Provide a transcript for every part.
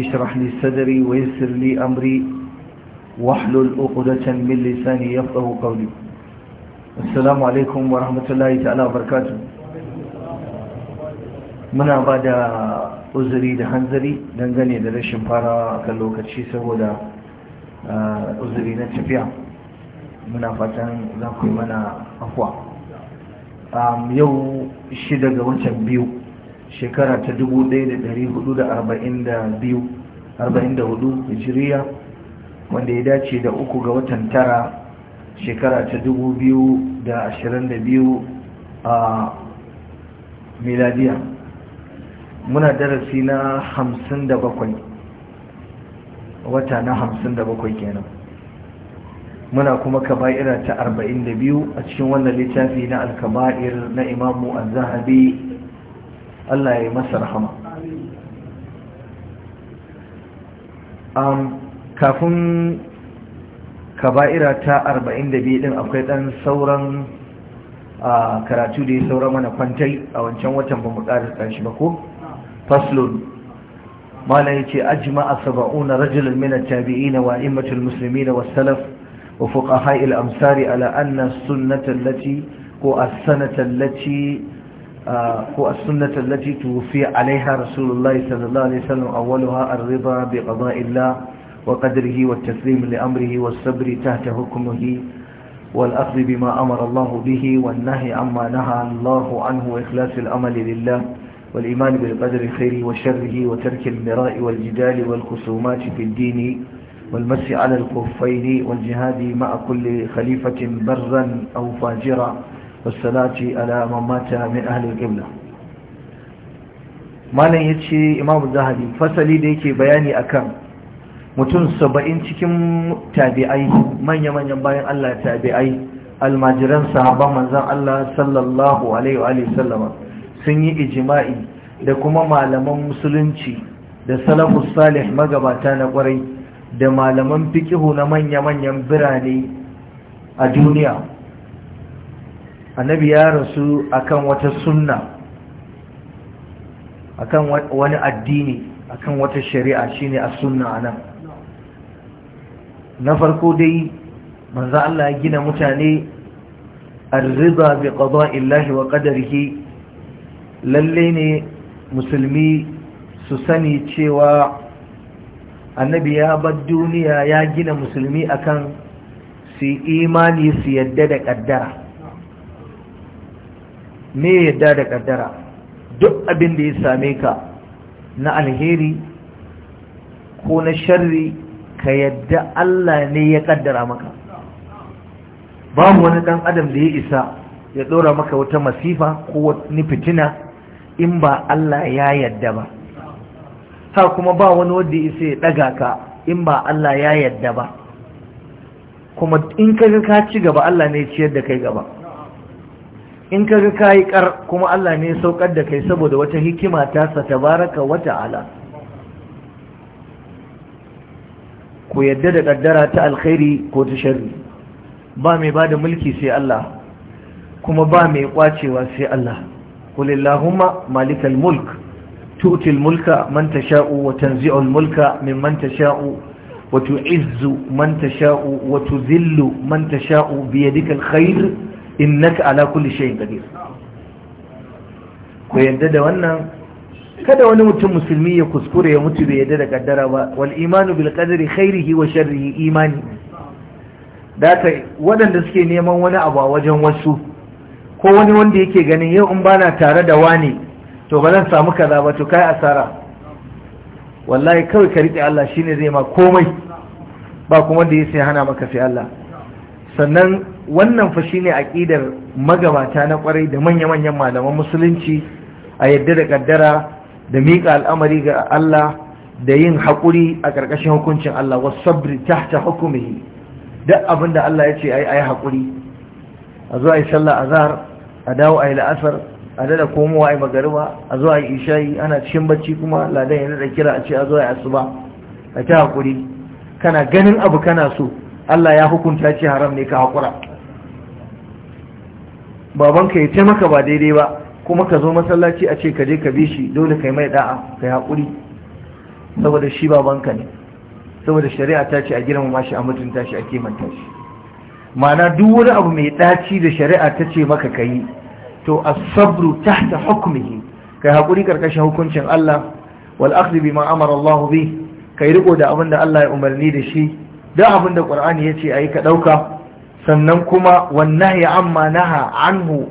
اشرح لي صدري ويسر لي أمري واحلل ya من لساني يفقه قولي wa rahmatullahi ورحمة الله تعالى وبركاته muna ba da uzuri da hanzari dangane da rashin farawa a kan lokaci saboda uzuri na tafiya muna fatan za ku mana afuwa yau shida ga watan biyu shekara ta 1442 hijiriya wanda ya dace da uku ga watan tara shekara ta 2022 a miladiya muna darasi na 57 wata na 57 kenan muna kuma kaba'ira ta 42 a cikin wannan littafi na alkaba'ir na imamu al-zahabi Allah ya yi masa rahama kafin kaba'ira ta 42 din akwai dan sauran karatu da ya saura mana kwantai a wancan watan ba mu ƙarisa shi ba ko faslun mala ya ce ajima a saba'una rajulun minar tabi'ina wa imatul musulmi na wasalaf wa fuka ha'il amsari ala anna sunnatan ko a sanatan آه، هو السنة التي توفي عليها رسول الله صلى الله عليه وسلم أولها الرضا بقضاء الله وقدره والتسليم لأمره والصبر تحت حكمه والأخذ بما أمر الله به والنهي عما نهى الله عنه وإخلاص الأمل لله والإيمان بالقدر خيره وشره وترك المراء والجدال والخصومات في الدين والمس على الكفين والجهاد مع كل خليفة برا أو فاجرا والصلاة على من مات من أهل malam ya ce imamu zahabi fasali da yake bayani akan mutum saba'in cikin tabi'ai manya-manyan bayan Allah tabi'ai almajiran sahaban manzan Allah sallallahu alaihi wa sallama sun yi ijima'i da kuma malaman musulunci da salafus salih magabata na ƙwarai da malaman fikihu na manya-manyan birane a duniya annabi ya rasu akan wata sunna akan wani addini akan wata shari'a shine as-sunna anan na farko dai manzo Allah ya gina mutane ar-ridha bi qada'i Allah wa qadarihi lalle ne musulmi su sani cewa annabi ya bar duniya ya gina musulmi akan su imani su yadda da kaddara me yadda da kaddara duk abin da ya same ka na alheri ko na sharri ka yadda Allah ne ya kaddara maka babu wani dan adam da ya isa ya dora maka wata masifa ko wani fitina in ba Allah ya yadda ba ha kuma ba wani wanda ya isa ya daga ka in ba Allah ya yadda ba kuma in ka ka ci gaba Allah ne ya ciyar da kai gaba in ka ga kayi kar kuma Allah ne saukar da kai saboda wata hikima ta sa tabaraka wa ta'ala ku yadda da kaddara ta alkhairi ko ta sharri ba mai bada mulki sai Allah kuma ba mai kwacewa sai Allah kulillahumma malikal mulk tu'til mulka man tasha'u wa tanzi'ul mulka mimman tasha'u wa tu'izzu man tasha'u wa tuzillu man tasha'u biyadikal khair innaka ala kulli shay'in qadir ku yadda da wannan kada wani mutum musulmi ya kuskure ya mutu bai yadda da kaddara ba wal imanu bil qadri khairihi wa sharrihi imani da ta waɗanda suke neman wani abu a wajen wasu ko wani wanda yake ganin yau in bana tare da wani to ba zan samu kaza ba to kai asara wallahi kawai ka riƙe Allah shine zai ma komai ba kuma da ya hana maka sai Allah sannan wannan fa shine aqidar magabata na kwarai da manya-manyan malaman musulunci a yadda da kaddara da mika al'amari ga Allah da yin hakuri a karkashin hukuncin Allah wasu sabri tahta hukumihi duk abin da Allah ya ce ai, hakuri a haƙuri a zo ai sallah a a dawo a la'asar a dada komowa a magariba a zo ai ana cikin bacci kuma ladan ya dada kira a ce a zo ai asuba a ta haƙuri kana ganin abu kana so Allah ya hukunta ce haram ne ka hakura babanka ya taimaka ba daidai ba kuma ka zo masallaci a ce ka je ka bi shi dole kai mai da'a kai haƙuri saboda shi babanka ne saboda shari'a ta ce a girmama shi a mutunta shi a kimanta shi ma'ana duk wani abu mai ɗaci da shari'a ta ce maka ka yi to as-sabru tahta hukmihi kai haƙuri karkashin hukuncin Allah wal akhdhi bima amara Allah bi kai riko da abin da Allah ya umarni da shi da abin da Qur'ani ya ce ayi ka dauka sannan kuma wannahi amma naha anhu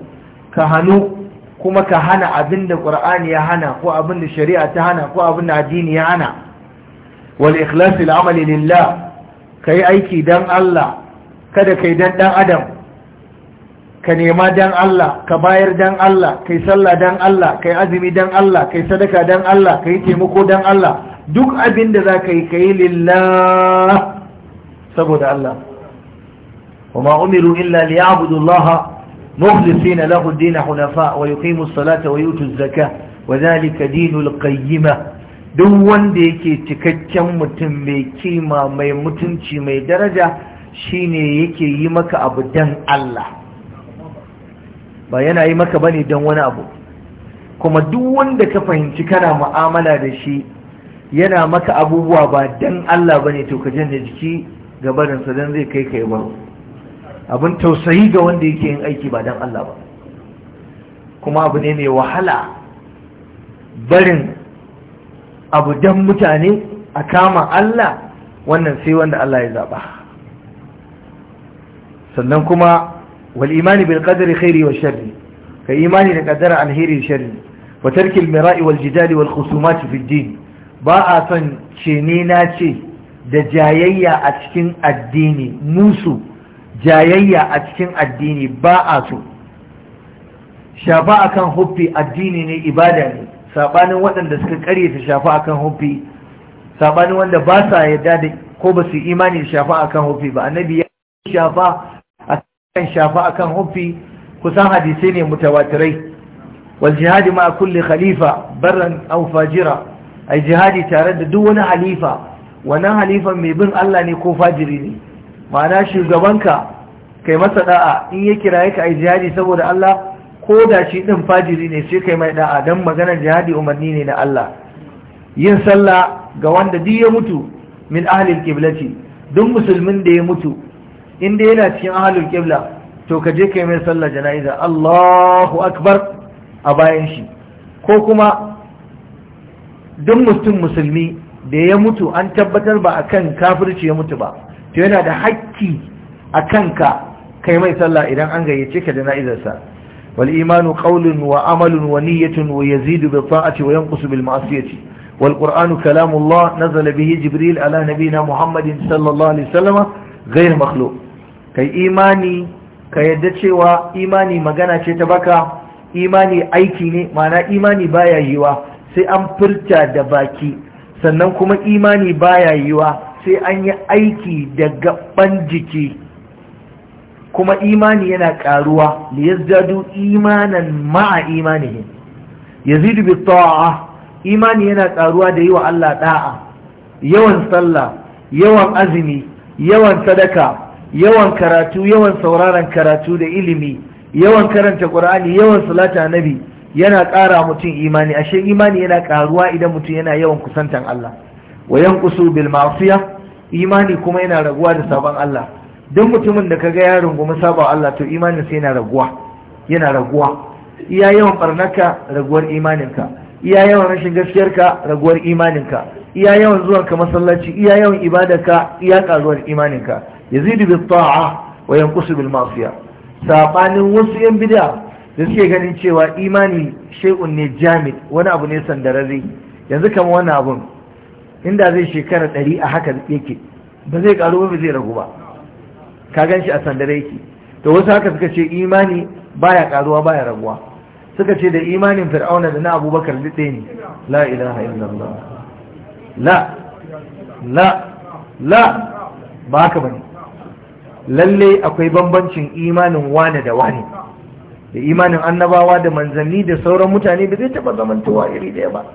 ka hannu kuma ka hana abinda da ƙur'ani ya hana ko abinda shari'a ta hana ko abinda addini ya hana wal ikhlasi amali lillah kai aiki dan Allah kada kai dan dan adam ka nema dan Allah ka bayar dan Allah kai sallah dan Allah kai azumi dan Allah kai sadaka dan Allah kai taimako dan Allah duk abinda da za ka yi ka yi lillah saboda Allah وما أمروا إلا ليعبدوا الله مخلصين له الدين حنفاء ويقيموا الصلاة ويؤتوا الزكاة وذلك دين القيمة duk wanda yake cikakken mutum mai kima mai mutunci mai daraja shine yake yi maka abu dan Allah ba yana yi maka bane don wani abu kuma duk wanda ka fahimci kana mu'amala da shi yana maka abubuwa ba dan Allah bane to ka janna jiki gabarinsa don zai kai ka yi baro abin tausayi ga wanda yake yin aiki ba don Allah ba kuma abu ne mai wahala barin abu don mutane a kama Allah wannan sai wanda Allah ya zaɓa sannan kuma wal imani bil qadari khairi wa sharri ka imani da kaddara alheri sharri wa tarki al mira'i wal jidali wal khusumat fi din ba a son ce ne na ce da jayayya a cikin addini musu jayayya a cikin addini ba a so shafa akan huffi addini ne ibada ne sabanin waɗanda suka ta shafa akan huffi sabanin wanda ba sa yarda da ko ba su imani da shafa akan huffi ba annabi ya shafa akan shafa akan kusan hadisai ne mutawatirai wal jihadi ma kulli khalifa barran aw fajira ai jihadi tare da duk wani halifa wannan halifan mai bin Allah ne ko fajiri ne ma'ana shugabanka kai masa da'a in ya kira ka ai jihadi saboda Allah ko da shi ɗin fajiri ne sai kai mai da'a dan magana jihadi umarni ne na Allah yin sallah ga wanda duk ya mutu min ahlil qiblati duk musulmin da ya mutu inda yana cikin ahlul qibla to ka je kai mai sallah jana'iza Allahu akbar a bayan shi ko kuma duk mutum musulmi da ya mutu an tabbatar ba akan kafirci ya mutu ba to yana da hakki a kanka kai mai sallah idan an gayyace ka jana'izarsa wal imanu qawlun wa amalun wa niyyatun wa yazidu bi ta'ati wa yanqusu bil ma'siyati wal qur'anu kalamullah nazala bihi jibril ala nabina muhammadin sallallahu alaihi wasallam ghayr makhluq kai imani ka yadda cewa imani magana ce ta baka imani aiki ne ma'ana imani baya yiwa sai an furta da baki sannan kuma imani baya yiwa sai an yi aiki da gaban jiki kuma imani yana karuwa li yazdadu imanan ma'a imanihim yazidu bi ta'a imani yana karuwa da yi wa Allah da'a yawan sallah yawan azumi yawan sadaka yawan karatu yawan sauraron karatu da ilimi yawan karanta qur'ani yawan salata nabi yana ƙara mutum imani ashe imani yana karuwa idan mutum yana yawan kusantan Allah Wayan yanqusu bil ma'siyah imani kuma yana raguwa da sabon Allah Don mutumin da kaga ya rungumi saba Allah to imanin sai yana raguwa yana raguwa iya yawan barnaka raguwar imaninka iya yawan rashin gaskiyarka raguwar imaninka iya yawan zuwanka masallaci iya yawan ka, iya karuwar imaninka yazidu bi ta'a wa yanqusu bil ma'siyah sabanin wasu yan bid'a da suke ganin cewa imani shay'un ne jamid wani abu ne sandararre yanzu kamar wannan abun inda zai shekara ɗari a haka yake ba zai karu ba zai ragu ba ka gan shi a sandare yake to wasu haka suka ce imani baya karuwa baya raguwa suka ce da imanin fir'auna da na abubakar duk ne la ilaha illallah la la la ba haka bane lalle akwai bambancin imanin wane da wane da imanin annabawa da manzanni da sauran mutane da zai taba zamantowa iri daya ba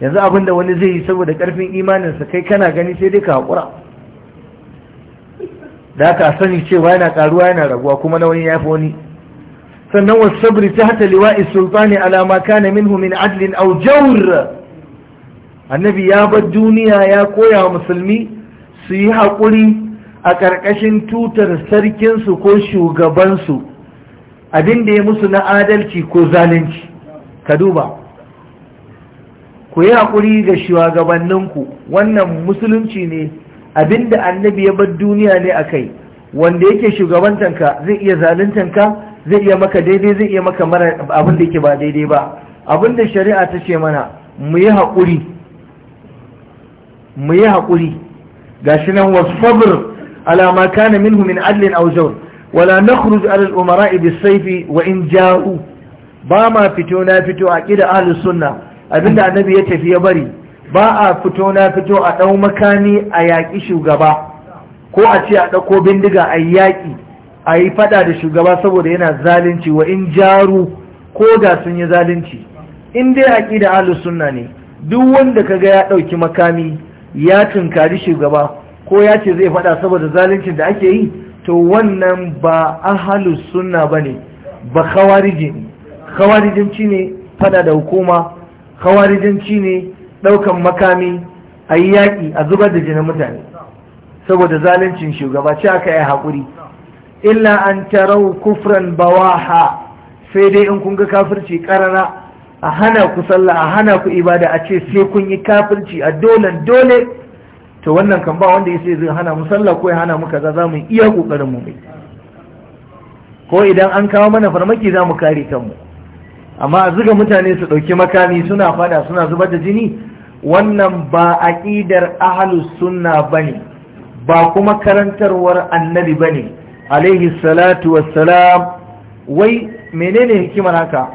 yanzu abinda wani zai yi saboda karfin imanin imaninsa kai kana gani sai dai ka hakura da aka sani cewa yana karuwa yana raguwa kuma na wani ya wani sannan wasu sabri ta hata liwa'i sultani alama kana minhu min adlin au jawr annabi ya bar duniya ya koya wa musulmi su yi haƙuri a ƙarƙashin tutar sarkinsu ko shugabansu abin da ya musu na adalci ko zalunci ka duba ku yi haƙuri ga shugabanninku wannan musulunci ne abinda annabi ya bar duniya ne a kai wanda yake shugabantanka zai iya zaluntanka zai iya maka daidai zai iya maka mara abin da yake ba daidai ba abin da shari'a ta ce mana mu yi haƙuri Ga yi haƙuri nan wasu, ala alama kana minhu min adlin aw wala na kuruji alal umara bis saifi wa in ja'u ba ma fito na fito a ƙida ahlus sunna abinda annabi ya tafi ya bari ba a fito na fito a ɗau makami a yaƙi shugaba ko a ce a ɗauko bindiga a yaƙi a yi faɗa da shugaba saboda yana zalunci wa in jaru ko da sun yi zalunci in dai aƙida alu sunna ne duk wanda ka ga ya ɗauki makami ya tunkari shugaba ko ya ce zai faɗa saboda zaluncin da ake yi to wannan ba ahlus sunna bane ba khawariji ne ne faɗa da hukuma kawarijinci ne Daukan makami a yi yaƙi a zubar da jinin mutane saboda zaluncin shugaba ce aka yi haƙuri illa an tarau kufran bawaha sai dai in kun ga kafirci karara a hana ku sallah a hana ku ibada a ce sai kun yi kafirci a dole dole to wannan kan ba wanda ya zai hana mu sallah ko ya hana mu kaza za mu iya ƙoƙarin mu mai ko idan an kawo mana farmaki za mu kare kanmu amma a zuga mutane su ɗauki makami suna fada suna zubar da jini wannan ba aqidar ahlus sunna bane ba kuma karantarwar annabi bane Alayhi salatu wassalam wai menene hikimar haka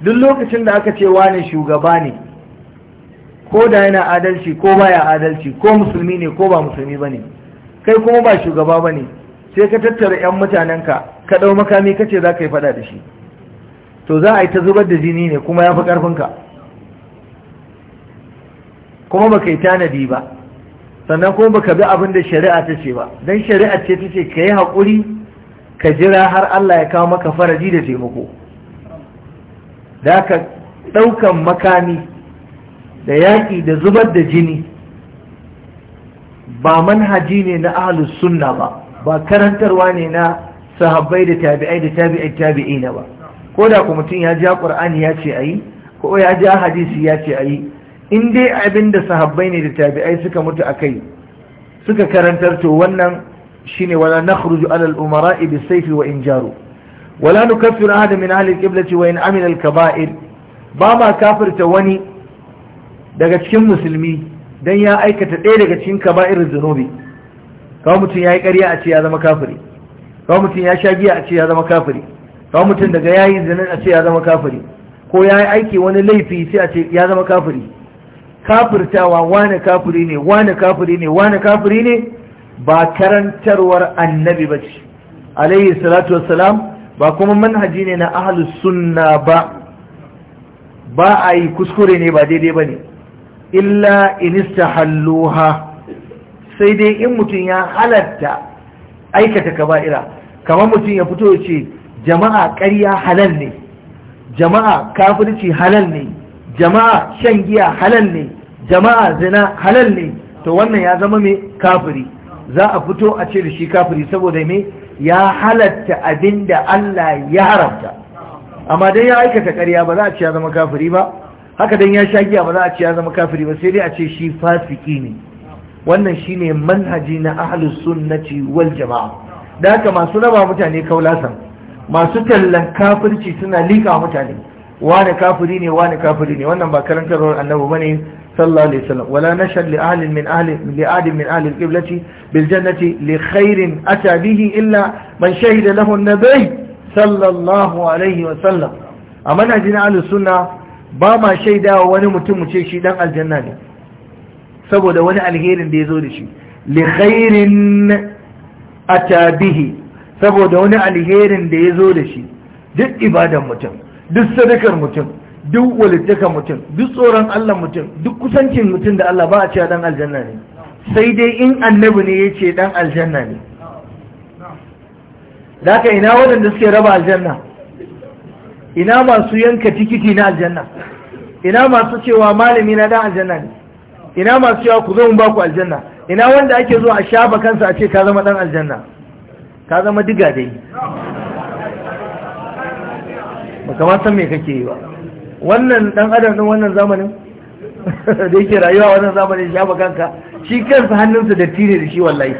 duk lokacin da aka ce wane shugaba ne ko da yana adalci ko baya adalci ko musulmi ne ko ba musulmi bane kai kuma ba shugaba bane sai ka tattara 'yan mutanenka ka ɗau makami kace za ka yi faɗa da shi to za a yi ta zubar da jini ne kuma ya fi ƙarfinka kuma baka yi tanadi ba sannan kuma baka bi abin da shari'a ta ce ba don shari'a ce ta ce ka yi haƙuri ka jira har Allah ya kawo maka faraji da taimako da ka ɗaukan makami da yaƙi da zubar da jini ba manhaji ne na ahlus sunna ba ba karantarwa ne na sahabbai da tabi'ai da tabi'ai tabi'ina ba ko da ku mutum ya ja ƙur'ani ya ce ayi ko ya ja hadisi ya ce ayi in dai abin da sahabbai ne da tabi'ai suka mutu a kai suka karantar to wannan shine wala nakhruju ala al-umara'i bis-sayfi wa in wala nukaffiru ahadan min ahli al-qiblati wa in amila al-kaba'ir ba ma kafirta wani daga cikin musulmi dan ya aikata ɗaya daga cikin kaba'ir zunubi kawai mutum ya yi ƙarya a ce ya zama kafiri kawai mutum ya sha giya a ce ya zama kafiri kawai mutum daga ya yi zinin a ce ya zama kafiri ko ya yi aiki wani laifi sai a ce ya zama kafiri kafirtawa wane kafiri ne wane kafiri ne wane kafiri ne ba karantarwar annabi ba ce alayhi salatu wassalam ba kuma manhaji ne na ahlus sunna ba ba a yi kuskure ne ba daidai ba ne illa halluha. sai dai in mutum ya halatta aikata kaba'ira kamar mutum ya fito ya ce jama'a ƙarya halal ne jama'a kafirci halal ne jama'a shan giya halal ne jama'a zina halal ne to wannan ya zama mai kafiri za a fito a ce da shi kafiri saboda mai ya halatta abin da Allah ya haramta amma dan ya aikata ƙarya ba za a ce ya zama kafiri ba haka dan ya sha giya ba za a ce ya zama kafiri ba sai dai a ce shi fasiki ne wannan shine manhaji na ahlus sunnati wal jama'a da haka masu raba mutane kaulasan masu tallan kafirci suna lika mutane wani kafiri ne wani kafiri ne wannan ba karantarwar annabi bane صلى الله عليه وسلم ولا نشهد لأهل من أهل لأحد من أهل القبلة بالجنة لخير أتى به إلا من شهد له النبي صلى الله عليه وسلم أما نهجنا على السنة باما شهد ونمتم شهد الجنة سبو دون الهير دي زورشي لخير أتى به سبو دون الهير دي زورشي duk ibadan mutum duk sadakar mutum duk walittaka mutum duk tsoron Allah mutum duk kusancin mutum da Allah ba a cewa dan aljanna ne sai dai in annabi ne ya ce dan aljanna ne da ka ina waɗanda suke raba aljanna ina masu yanka tikiti na aljanna ina masu cewa malami na dan aljanna ne ina masu cewa ku zo mu ba ku aljanna ina wanda ake zuwa a shafa kansa a ce ka zama dan aljanna ka zama diga dai ba kamar san me kake yi ba wannan dan adam din wannan zamanin da yake rayuwa wannan zamanin shafa kanka shi kansa hannunsa da tire da shi wallahi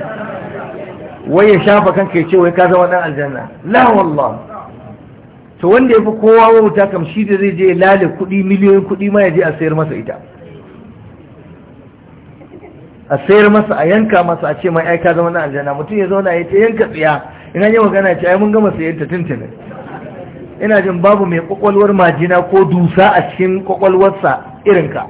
wai ya shafa kanka ya ce wai ka zama dan aljanna la wallahi to wanda ya fi kowa wuta kam shi da zai je lale kudi miliyoyin kuɗi ma ya je a sayar masa ita a sayar masa a yanka masa a ce mai aika zama na aljanna mutum ya zauna ya ce yanka tsiya ina yi magana ce ai mun gama sayar ta tuntunin ina jin babu mai kwakwalwar majina ko dusa a cikin kwakwalwarsa irinka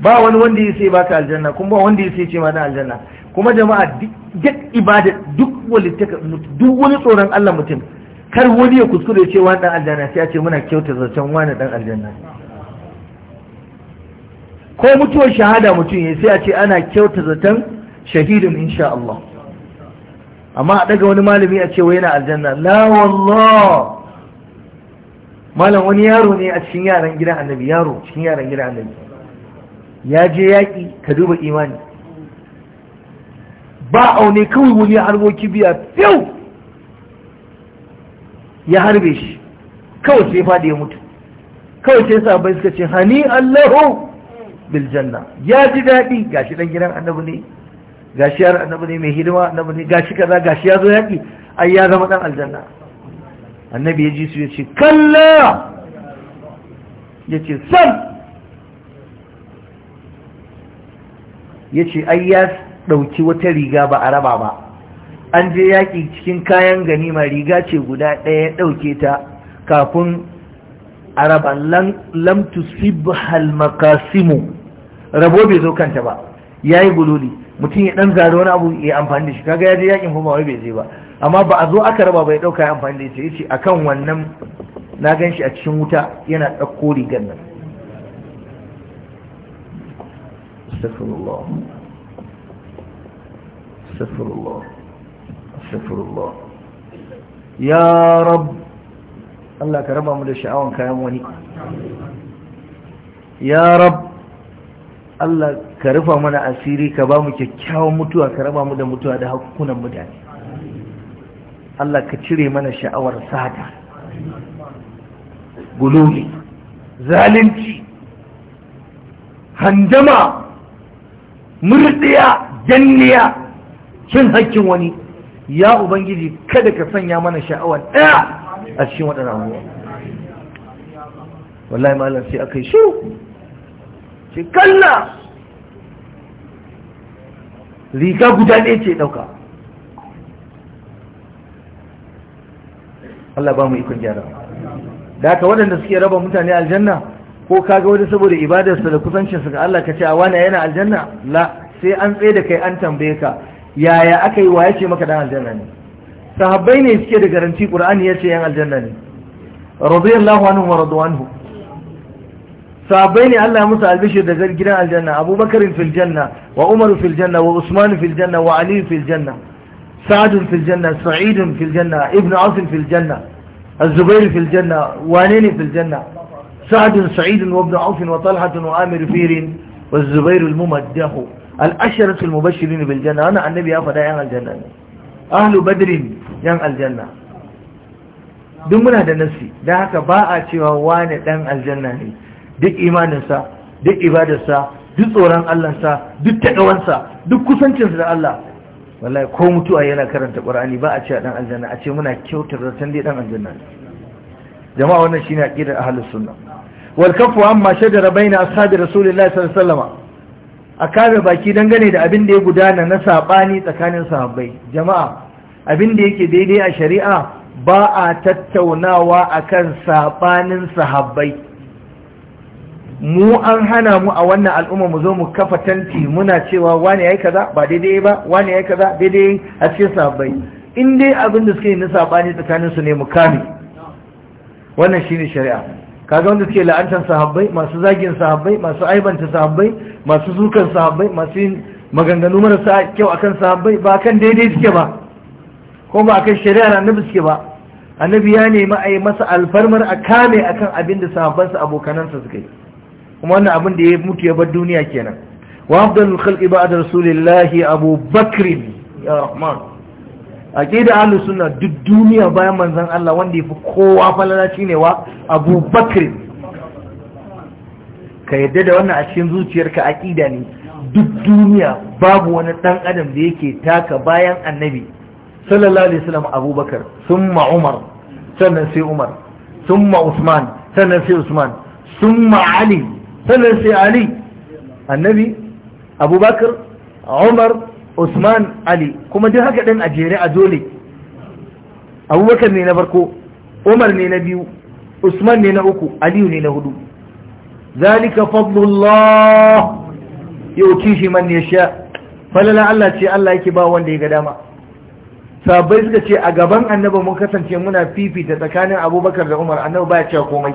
ba wani wanda ya sai baka aljanna kuma ba wanda ya sai ce mana aljanna kuma jama'a duk ibada duk wani duk wani tsoron Allah mutum kar wani ya kuskure ce wani dan aljanna sai a ce muna kyauta zancen wani dan aljanna ko mutuwar shahada mutum ya sai a ce ana kyauta zaton shahidin insha Allah amma a daga wani malami a cewa yana aljanna la wallah malam wani yaro ne a cikin yaran gidan annabi yaro cikin yaran gidan annabi ya je yaƙi ka duba imani ba aune kawai wani harboki kibiya fiyau ya harbe shi kawai sai faɗi ya mutu kawai sai sabai suka ce hani allahu biljanna ya ji daɗi ga shi ɗan gidan annabi ne gashi yar annabi ne mai hidima annabi ne gashi kaza gashi ya zo yaki ai ya zama dan aljanna annabi ya ji su ya ce kalla ya ce sam ya ce ai ya ɗauki wata riga ba a raba ba an je yaƙi cikin kayan ganima riga ce guda ɗaya ɗauke ta kafin a raba lamtu sibhal makasimu rabo bai zo kanta ba ya yi gululi mutum ya dan zari wani abu ya amfani da shi kaga ya je yakin kuma wai bai je ba amma ba a zo aka raba bai dauka ya amfani da shi yace akan wannan na gan shi a cikin wuta yana dauko rigar nan astaghfirullah ya rab Allah ka raba mu da sha'awan kayan wani ya rab Allah ka rufa mana asiri ka ba mu kyakkyawan mutuwa ka raba mu da mutuwa da hakukunan mutane Allah ka cire mana sha'awar sata gulumi zalunci handama murdiya janniya cin hakkin wani ya ubangiji kada ka sanya mana sha'awar ɗaya a cikin waɗannan abubuwa wallahi malam sai aka yi shiru shi kalla riga guda ɗaya ce ɗauka Allah ba mu ikon gyara da haka waɗanda suke raba mutane aljanna ko kaga wani saboda ibadarsa da kusancinsa ga Allah ka ce a wani yana aljanna la sai an tsaye da kai an tambaye ka yaya aka yi wa ya ce maka dan aljanna ne sahabbai ne suke da garanti kur'ani ya ce yan aljanna ne radiyallahu anhu wa sahabbai ne Allah ya musu albishir da gidan aljanna abubakarin filjanna, wa umaru filjanna, wa Usmanu filjanna, wa Aliyu filjanna, Sa'adun filjanna, Sa'idun filjanna, sa'id fil janna ibn auf fil janna az-zubair fil janna wane ne fil janna sa'ad sa'id wa ibn auf wa talha wa amir fir wa az-zubair al mubashirin bil janna annabi ya fada yan aljanna ne ahlu badr yan aljanna duk muna da nasi dan haka ba a cewa wane dan aljanna ne duk imaninsa duk ibadarsa duk tsoron Allahnsa duk taɗawansa duk kusancinsa da Allah wallahi ko mutuwa yana karanta ƙwarani ba a ce ɗan aljanna a ce muna kyautar da san dai ɗan aljanna jama'a wannan shine aqidar ahlus sunna wal kafu amma shajara baina ashabi rasulillahi sallallahu alaihi a kame baki dangane da abin da ya gudana na saɓani tsakanin sahabbai jama'a abin da yake daidai a shari'a ba a tattaunawa akan saɓanin sahabbai mu an hana mu a wannan al'umma mu zo mu kafa tanti muna cewa wani yayi kaza ba daidai ba wani yayi kaza daidai a cikin sabai in dai abin da suke yi na sabani tsakanin su ne mu kame wannan shine shari'a kaga wanda suke la'antar sahabbai masu zagin sahabbai masu aibanta sahabbai masu zukan sahabbai masu maganganu marasa kyau akan sahabbai ba kan daidai suke ba ko ba akan shari'a na annabi suke ba annabi ya nemi a yi masa alfarmar a kame akan abin da sahabbansa abokanansa suka yi kuma wannan abin da ya mutu ya bar duniya kenan wa afdalul khalqi ba'da rasulillahi abu bakr ya rahman aqida ahlus sunna duk duniya bayan manzon Allah wanda yafi kowa falala ne wa abu bakr ka yadda da wannan a cikin zuciyarka aqida ne duk duniya babu wani dan adam da yake taka bayan annabi sallallahu alaihi wasallam abubakar summa umar sannan sai umar summa usman sannan sai usman summa ali sannan sai ali annabi abubakar umar usman ali kuma duk haka ɗin a jere a dole abubakar ne na farko umar ne na biyu usman ne na uku aliyu ne na hudu zalika fadlullah Yau kishi man sha falala Allah ce Allah yake ba wanda ya ga dama sabai suka ce a gaban annabi mun kasance muna fifita tsakanin abubakar da umar annabi baya cewa komai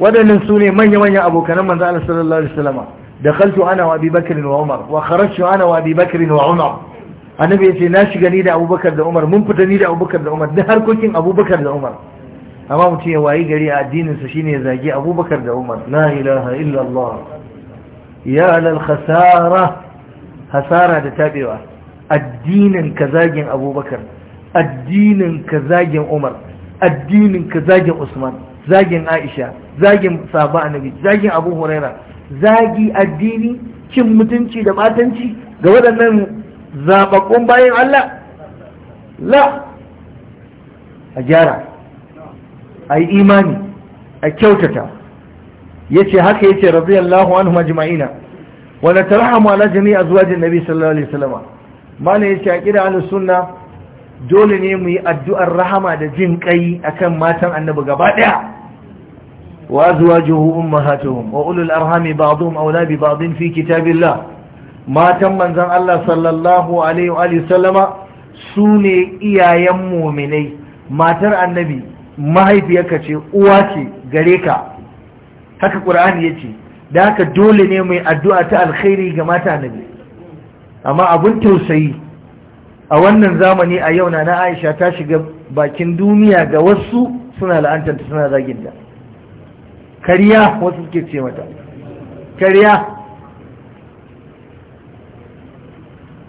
waɗannan su ne manya-manyan abokanan manzo Allah sallallahu alaihi wasallam dakhaltu ana wa Abi Bakr wa Umar wa kharajtu ana wa Abi Bakr wa Umar annabi yace na shiga ni da Abubakar da Umar mun fita ni da Abubakar da Umar da harkokin Abubakar da Umar amma mutum ya wayi gari a addinin sa shine ya zagi Abubakar da Umar la ilaha illa Allah ya lal khasara hasara da tabewa addinin ka zagin Abubakar addinin ka zagin Umar addinin ka zagin Usman zagin aisha zagin sahaba annabi zagin abu huraira zagi addini cin mutunci da matanci ga waɗannan zaɓaɓɓun bayan Allah la a gyara a yi imani a kyautata ya ce haka ya ce radiyallahu anhu majma'ina wanda Rahama ala jami'a zuwa jin nabi sallallahu alaihi wasallam mana ya ce a kira ala sunna dole ne mu yi addu'ar rahama da jin kai akan matan annabi gaba ɗaya. وأزواجه أمهاتهم وأولو الأرهام بعضهم أولى ببعض في كتاب الله ما تم من زن الله صلى الله عليه وآله وسلم سوني إيا يمو مني ما ترى النبي ما هي بيكتي أواتي غريكا هكا قرآن يتي داك haka dole الدعاء mai كما ta alkhairi ga mata annabi amma abin tausayi a wannan zamani a yau سنة na Aisha ta shiga kariya wasu suke ce mata kariya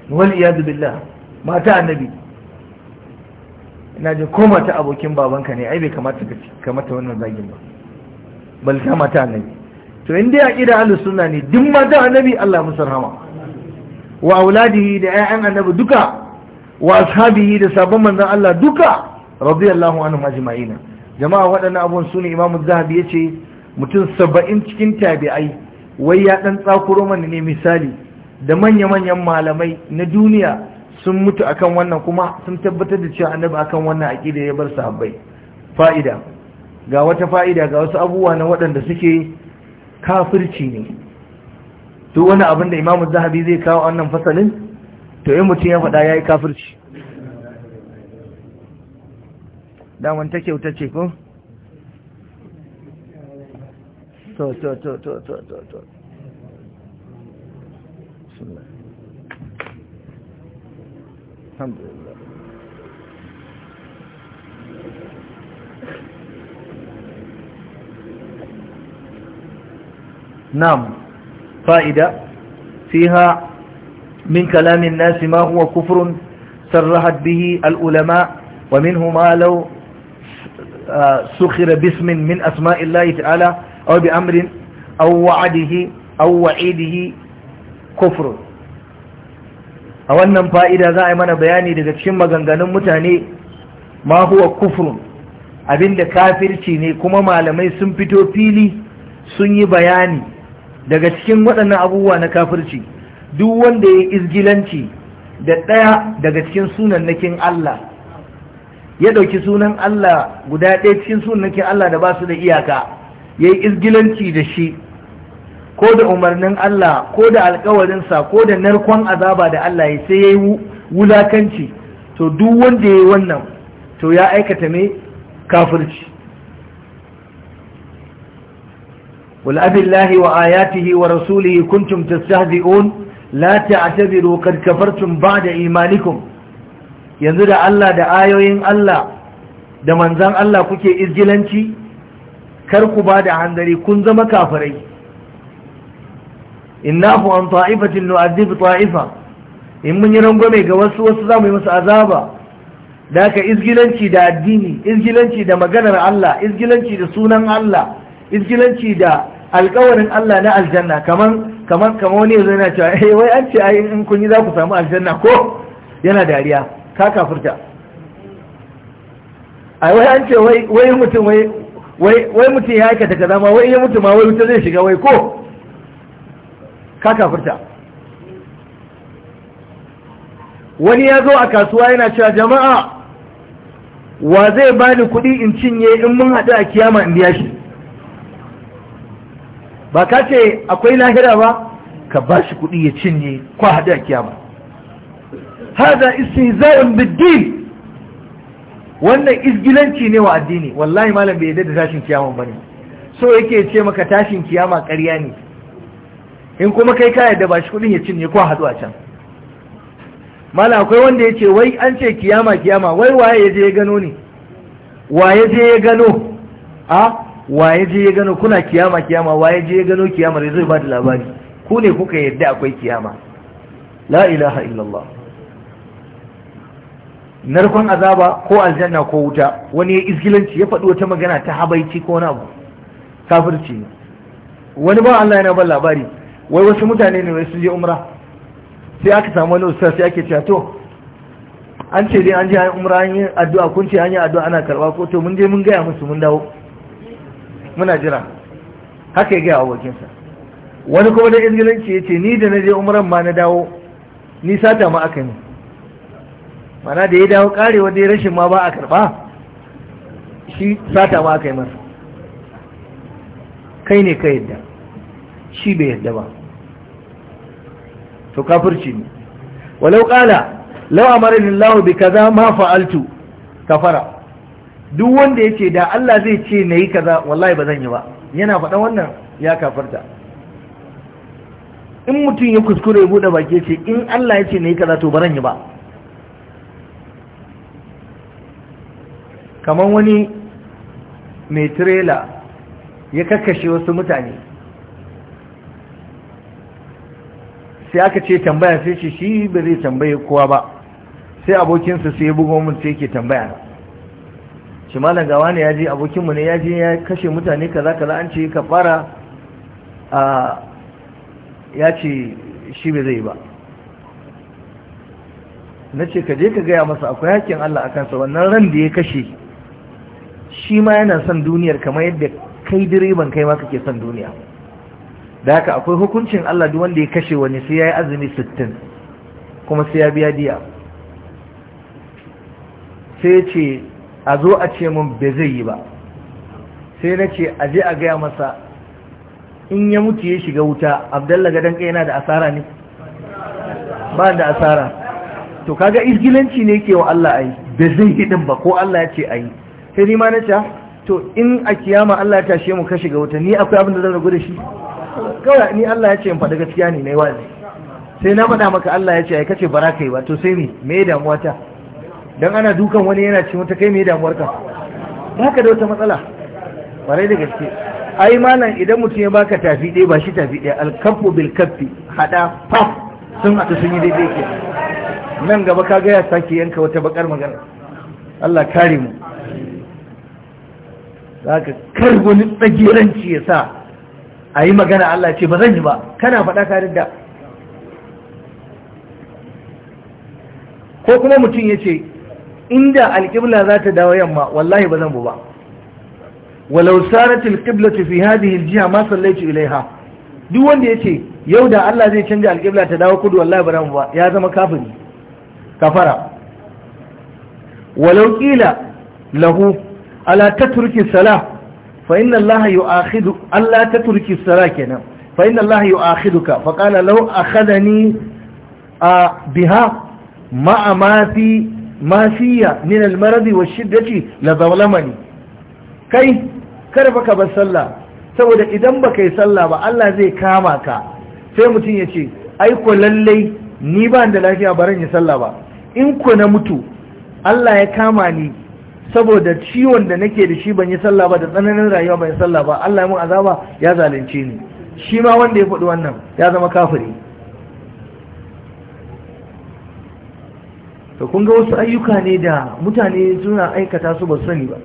wal iyadu billah mata annabi ina jin ko mata abokin babanka ne ai bai kamata ka kamata wannan zagin ba bal ta mata annabi to in dai a ahlus sunna ne duk mata annabi Allah musu rahama wa auladihi da ayyan annabi duka wa ashabihi da sabon manzon Allah duka radiyallahu anhum ajma'ina jama'a waɗannan abun su ne imamu zahabi ya ce mutum saba'in cikin tabi'ai wai ya ɗan tsakuro mana ne misali da manya-manyan malamai na duniya sun mutu akan wannan kuma sun tabbatar da cewa annabi akan wannan aƙida ya bar sahabbai fa'ida ga wata fa'ida ga wasu abubuwa na waɗanda suke kafirci ne to wani abin da imamu zahabi zai kawo wannan fasalin to yin mutum ya faɗa ya yi kafirci daman ta kyauta ce ko? تو تو تو تو تو تو تو بسم الله الحمد لله نعم فائدة فيها من كلام الناس ما هو كفر سرحت به العلماء ومنه ما لو آه، سخر باسم من أسماء الله تعالى aw bi amrin aw wa'idihi a wannan fa'ida za a yi mana bayani daga cikin maganganun mutane ma huwa kufrun abinda kafirci ne kuma malamai sun fito fili sun yi bayani daga cikin waɗannan abubuwa na kafirci duk wanda ya izgilanci da ɗaya daga cikin sunannakin Allah ya ɗauki sunan Allah guda ɗaya cikin sunannakin Allah da ba su da iyaka ya yi izgilanci da shi ko da umarnin Allah ko da alkawarinsa ko da narkon azaba da Allah ya sai ya yi wulakanci to duk wanda ya yi wannan to ya aikata mai kafirci قل wa الله وآياته ورسوله كنتم lati a تعتبروا قد ba da imanikun. yanzu da Allah da ayoyin Allah da manzan Allah kuke izgilanci kar ku ba da hanzari kun zama kafirai hu an ta'ifatin nu'adhibu ta'ifa in mun yi rangwame ga wasu wasu za mu yi musu azaba da ka izgilanci da addini izgilanci da maganar Allah izgilanci da sunan Allah izgilanci da alkawarin Allah na aljanna kaman kaman kaman wani yana yana cewa eh wai an ce ai in kun yi za ku samu aljanna ko yana dariya ka kafirta ai wai an ce wai wai mutum wai wai mutum ya aikata kaza ma wai ya mutu ma wai wuta zai shiga wai ko ka furta wani ya zo a kasuwa yana cewa jama'a wa zai bani kuɗi in cinye in mun haɗu a kiyama in biya shi ba ka ce akwai lahira ba ka ba shi kuɗi ya cinye kwa haɗu a kiyama haza istihza'un biddin wannan izgilanci ne wa addini wallahi malam bai yadda da tashin kiyama bane so yake ce maka tashin kiyama karya ne in kuma kai ka yadda ba shi kudin ya cinye ko haɗu a can malam akwai wanda ya ce wai an ce kiyama kiyama wai waye ya je ya gano ne waye je ya gano a waye je ya gano kuna kiyama kiyama waye je ya gano kiyamar zai ba da labari ku ne kuka yadda akwai kiyama la ilaha illallah narkon azaba ko aljanna ko wuta wani ya izgilanci ya faɗi wata magana ta habaici ko wani abu kafirci ne wani ba Allah yana ban labari wai wasu mutane ne sun je umra sai aka samu wani ustaz sai ake cewa to an ce dai an je an umra an yi addu'a kun ce an yi addu'a ana karba ko to mun je mun gaya musu mun dawo muna jira haka ya gaya abokinsa wani kuma da izgilanci ya ce ni da na je umran ma na dawo ni sata ma aka ne mana da ya dawo wadda ya rashin ma ba a karba shi sata ma aka yi masa kai ne ka yadda shi bai yadda ba to kafirci ne walau kala lau amarin lallahu bi kaza ma fa'altu kafara duk wanda ya ce da Allah zai ce na yi kaza wallahi ba zan yi ba yana faɗa wannan ya kafarta in mutum ya kuskure ya buɗe baki ce in Allah ya ce na yi kaza to ba zan yi ba kamar wani mai tirela ya kakashe wasu mutane sai aka ce tambaya sai ce shi ba zai tambaye kowa ba sai abokinsa sai bugu mun sai yake tambaya shi malam gawa ne ya je abokinmu ne ya je ya kashe mutane kaza kaza an ce ka fara a ya ce shi ba zai ba na ce ka je ka gaya masa akwai hakkin Allah a kansa wannan ran da ya kashe shi ma yana son duniyar kamar yadda kai direban kai ma kake son duniya da haka akwai hukuncin Allah duk wanda ya kashe wani sai yayi azumi 60 kuma sai ya biya diya sai ya ce a zo a ce mun bai zai yi ba sai na ce a je a gaya masa in ya mutu ya shiga wuta abdalla gadon kai yana da asara ne ba da asara to kaga izgilanci ne ke wa Allah ai bai zai yi din ba ko Allah ya ce ai sai ni ma na ce ah, to in a kiyama Allah ya tashe mu kashe ga wuta ni akwai abin da zan ragu da shi kawai ni Allah ya ce in faɗi gaskiya ne na yi wazi sai na faɗa maka Allah ya ce ai kace bara kai ba to sai ni me damuwa ta dan ana dukan wani yana cewa ta kai me damuwar ka haka da wata matsala bare da gaske ai malam idan mutum ya baka tafi ɗaya ba shi tafi ɗaya alkafu bil kaffi hada faf sun a sun yi daidai ke nan gaba ka ga ya sake yanka wata bakar magana Allah kare mu za ka kar wani tsagiranci ya sa a yi magana Allah ce ba zan yi ba kana faɗa ka da ko kuma mutum ya ce inda alƙibla za ta dawo yamma wallahi ba zan bu ba walau saratul qiblatu fi hadhihi aljiha ma sallaitu ilaiha duk wanda ya ce yau da Allah zai canja alƙibla ta dawo kudu wallahi ba zan bu ba ya zama kafiri kafara walau qila lahu ala tatruki salah fa inna Allah akhidu Allah turki sala kenan fa inna Allah yu'akhiduka fa qala law a biha ma'a ma fi ma fiya min al wa shiddati la kai kar baka bar sallah saboda idan baka yi sallah ba Allah zai kama ka sai mutum ya ce aiko lallai ni ba da lafiya baran yi sallah ba in ko na mutu Allah ya kama ni saboda ciwon da nake da shi ban yi sallah ba da tsananin rayuwa ban yi sallah ba Allah ya mun azaba ya zalunce ni shi ma wanda ya faɗi wannan ya zama kafiri to kun ga wasu ayyuka ne da mutane suna aikata su ba sani ba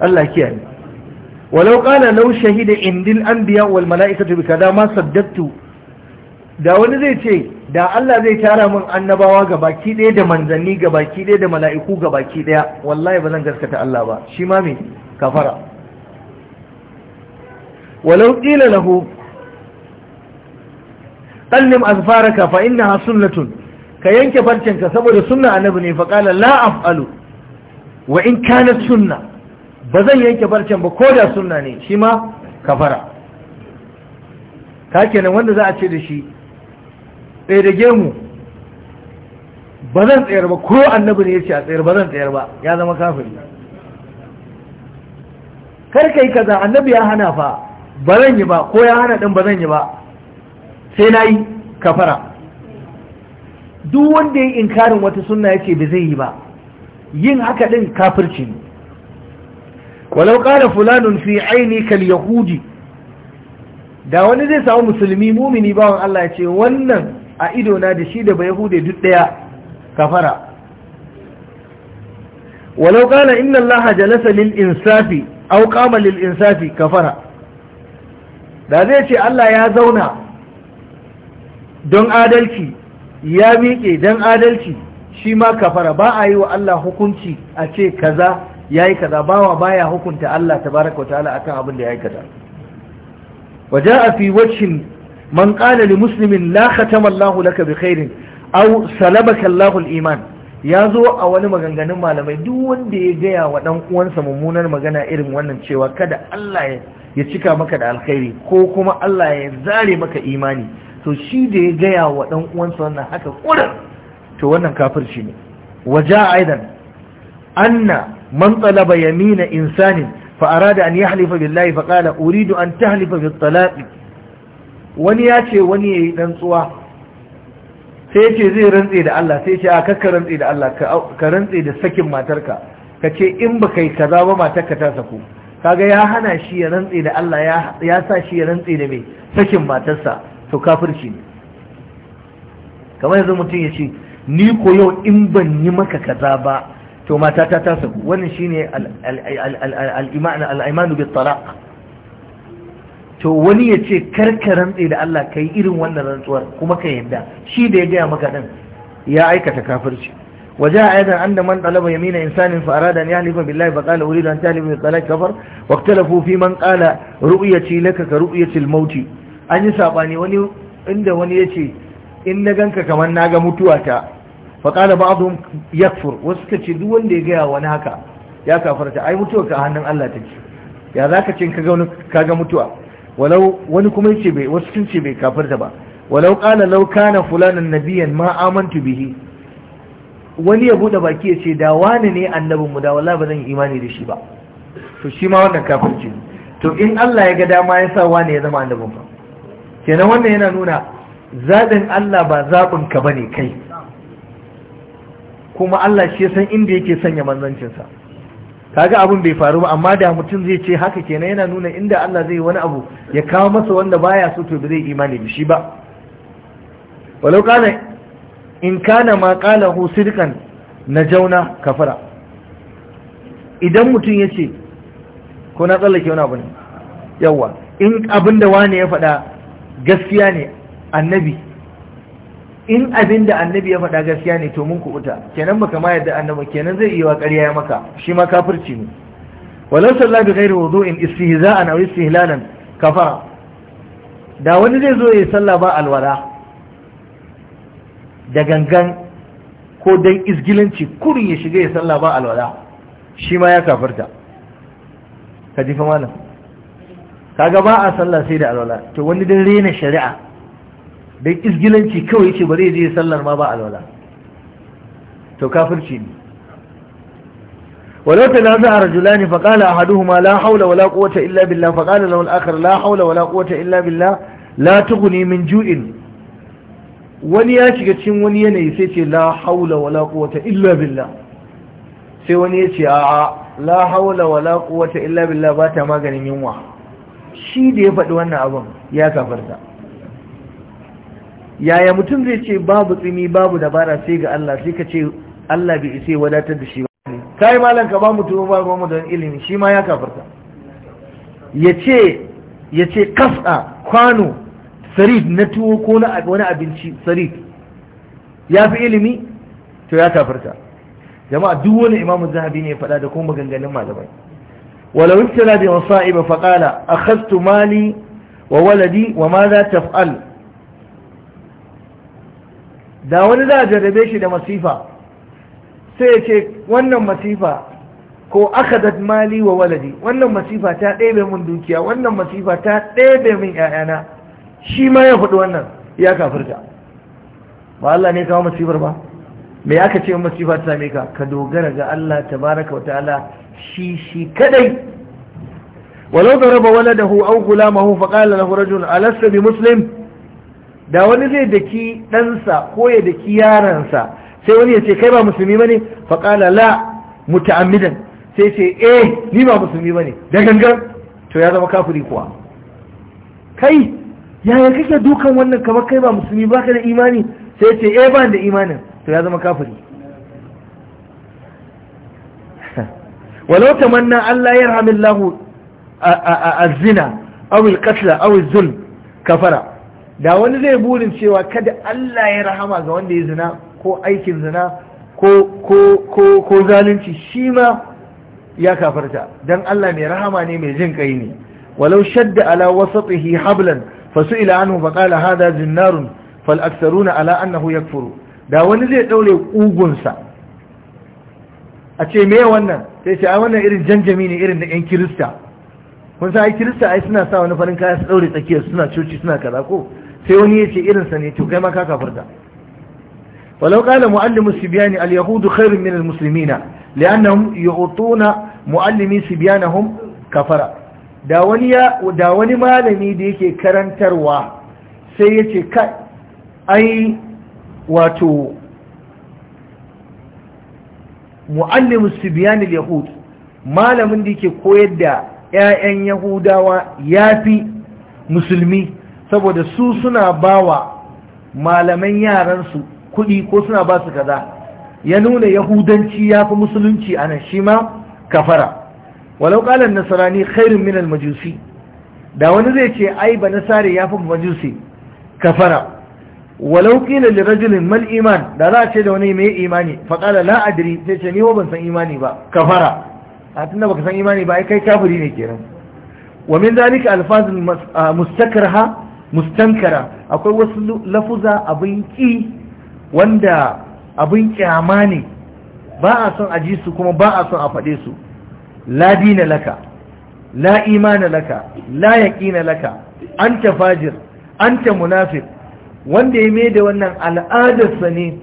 Allah kiyaye walau qala law shahida indil anbiya wal mala'ikatu bi kaza ma saddaqtu da wani zai ce da Allah zai tara min annabawa ga baki ɗaya da manzanni ga baki ɗaya da mala'iku ga baki ɗaya wallahi ba zan gaskata Allah ba shi ma mai kafara walau ƙila lahu qallim azfaraka fa ha sunnatun ka yanke farcenka saboda sunna annabi ne fa qala la af'alu wa in kanat sunna ba zan yanke farcen ba ko da sunna ne shi ma kafara ka kenan wanda za a ce da shi tsaye da gemu ba zan tsayar ba ko annabi ne ya ce a tsayar ba zan tsayar ba ya zama kafiri kar kai kaza annabi ya hana fa ba zan yi ba ko ya hana din ba zan yi ba sai na yi kafara duk wanda ya inkarin wata sunna ya ce ba zai yi ba yin haka din kafirci ne walau qala fulanun fi aini kal yahudi da wani zai samu musulmi mumini bawan Allah ya ce wannan a idona da shi da bayahude duk daya kafara walau kana inna allaha jalasa lil insafi aw qama lil insafi kafara da zai ce Allah ya zauna don adalci ya miƙe don adalci shi ma kafara ba a yi wa Allah hukunci a ce kaza yayi kaza bawa baya hukunta Allah Ta wa ta'ala akan abin da yi kaza waja'a fi wajhin man qala li muslimin la khatama Allahu laka bi khairin iman ya zo a wani maganganun malamai duk wanda ya gaya wa dan uwansa mummunar magana irin wannan cewa kada Allah ya cika maka da alkhairi ko kuma Allah ya zare maka imani to shi da ya gaya wa dan uwansa wannan haka kurin to wannan kafirci ne waja aidan anna man talaba yamina insanin fa arada an yahlifa billahi fa qala uridu an tahlifa bit talaqi wani ya ce wani ya yi rantsuwa sai ce zai rantse da Allah sai ce a kakka rantse da Allah ka rantse da sakin matarka ka ce in ba kai kaza ba matarka ta saku kaga ya hana shi ya rantse da Allah ya sa shi ya rantse da mai sakin matarsa to kafirci ne kamar yanzu mutum ya ce ni ko yau in ban yi maka kaza ba to matata ta saku wannan shine al-imanu bit talaq to wani ya ce ka rantse da Allah ka yi irin wannan rantsuwar kuma ka yadda shi da ya gaya maka din ya aikata kafirci وجاء أيضا أن من طلب يمين إنسان فأراد أن يحلف بالله فقال أريد أن تحلف بالله كفر واختلفوا في من قال رؤيتي لك ga الموت أن يسابني وني عند وني يتي إن جنك كمان ناجا متواتا فقال بعضهم يكفر وسكت دون دجا ونهكا يا كفرت hannun متوكا هنن الله تجي يا ذاك تشين ka ga متوا walau wani kuma yace bai wasu sun ce bai da ba walau qala law kana fulanan nabiyyan ma amantu bihi wani ya bude baki ya ce da wani ne annabin mu da wallahi ba zan yi imani da shi ba to shi ma wannan kafirci ne to in Allah ya ga dama ya sa wani ya zama annabin ba kenan wannan yana nuna zaɓin Allah ba zaɓin ka bane kai kuma Allah shi ya san inda yake sanya manzancinsa kaga abin bai faru ba amma da mutum zai ce haka kenan yana nuna inda Allah zai wani abu ya kawo masa wanda baya so to ba zai imani da shi ba walau kana in kana ma hu sirkan najauna kafara idan mutum ya ce ko na tsallake wani abu ne yawa in abin da wani ya faɗa gaskiya ne annabi in abin da annabi ya faɗa gaskiya ne to mun ku uta kenan baka ma yadda annabi kenan zai iya ƙarya ya maka shi ma kafirci ne walau salla bi ghairi wudu'in istihza'an aw istihlalan kafara da wani zai zo yayin sallah ba alwala da gangan ko dan izgilanci kurin ya shiga ya sallah ba alwala shi ma ya kafirta ka ji fa malam kaga ba a sallah sai da alwala to wani dan rena shari'a dan izgilanci kawai ce yace bare je sallar ma ba alwala to kafirci ne ولو تنازع رجلان فقال أحدهما لا حول ولا قوة إلا بالله فقال له الآخر لا حول ولا قوة illa بالله la تغني min جوع wani ya shiga cikin wani yanayi sai ce la haula wala quwwata illa billah sai wani ya ce a'a la haula wala quwwata illa billah ba ta maganin yunwa shi da ya faɗi wannan abin ya kafarta yaya mutum zai ce babu tsimi babu dabara sai ga Allah sai ka ce Allah bai isai wadatar da shi ba kai malam ka ba mutum ba ba mu da ilimi shi ma ya kafarta yace yace kasa kwano sarif na tuwo ko na wani abinci sarif ya fi ilimi to ya kafarta jama'a duk wani imamu zahabi ne ya faɗa da kuma maganganun malamai ولو ابتلى بمصائب فقال أخذت مالي وولدي وماذا تفعل da wani za a jarrabe shi da masifa sai ya ce wannan masifa ko da mali wa waladi wannan masifa ta ɗebe min dukiya wannan masifa ta ɗebe min ƴaƴana shi ma ya faɗi wannan ya kafirta ba Allah ne kawo masifar ba me aka ce masifa ta same ka ka dogara ga Allah tabaraka wa ta'ala shi shi kadai walau daraba waladahu aw ghulamahu faqala lahu rajul alasta bi muslim da wani zai daki ɗansa ko ya daki yaransa sai wani ya ce kai ba musulmi bane faqala la muta'ammidan sai ce eh ni ba musulmi bane da gangan to ya zama kafiri kuwa kai yaya kake dukan wannan kamar kai ba musulmi ka da imani sai ce eh ba da imanin to ya zama kafiri walau tamanna Allah yarhamillahu az-zina aw al awil aw az-zulm kafara da wani zai burin cewa kada Allah ya rahama ga wanda ya zina ko aikin zina ko zalunci shi ma ya kafarta dan Allah mai rahama ne mai jin kai ne walau shadda ala wasatihi hablan su'ila anhu qala hadha jinnarun fal aktharuna ala annahu yakfuru da wani zai daure kugunsa a ce me wannan sai ce a wannan irin janjami ne irin na yan kirista kun san ai kirista ai suna sa wani farin kaya su daure tsakiyar suna coci suna kaza ko sai wani ya ce irinsa ne to kai ma ka da. walau kala mu'allimu sibiyani al-yahudu khairun min al-muslimina li'annahum yu'tuna mu'allimi sibiyanahum kafara da wani ya da wani malami da yake karantarwa sai ya ce kai ai wato mu'allimu sibiyani al-yahud malamin da yake koyar da 'ya'yan yahudawa yafi musulmi saboda su suna bawa malaman yaransu kuɗi ko suna ba su kaza ya nuna yahudanci ya fi musulunci a nan shi ma kafara walau nasara nasarani khairun minal majusi da wani zai ce ai ba nasari ya fi majusi kafara walau ƙila li rajulin mal iman da za a ce da wani mai imani faƙala la adri sai ce ni ho ban san imani ba kafara a tunda baka san imani ba ai kai kafiri ne kenan wa min zalika alfazul mustankara akwai wasu lafuza abin ki wanda abin kyama ne ba a son a ji su kuma ba a son a faɗe su la dina laka la imana laka la yaqina laka anta fajir anta munafiq wanda ya mai da wannan al'adarsa ne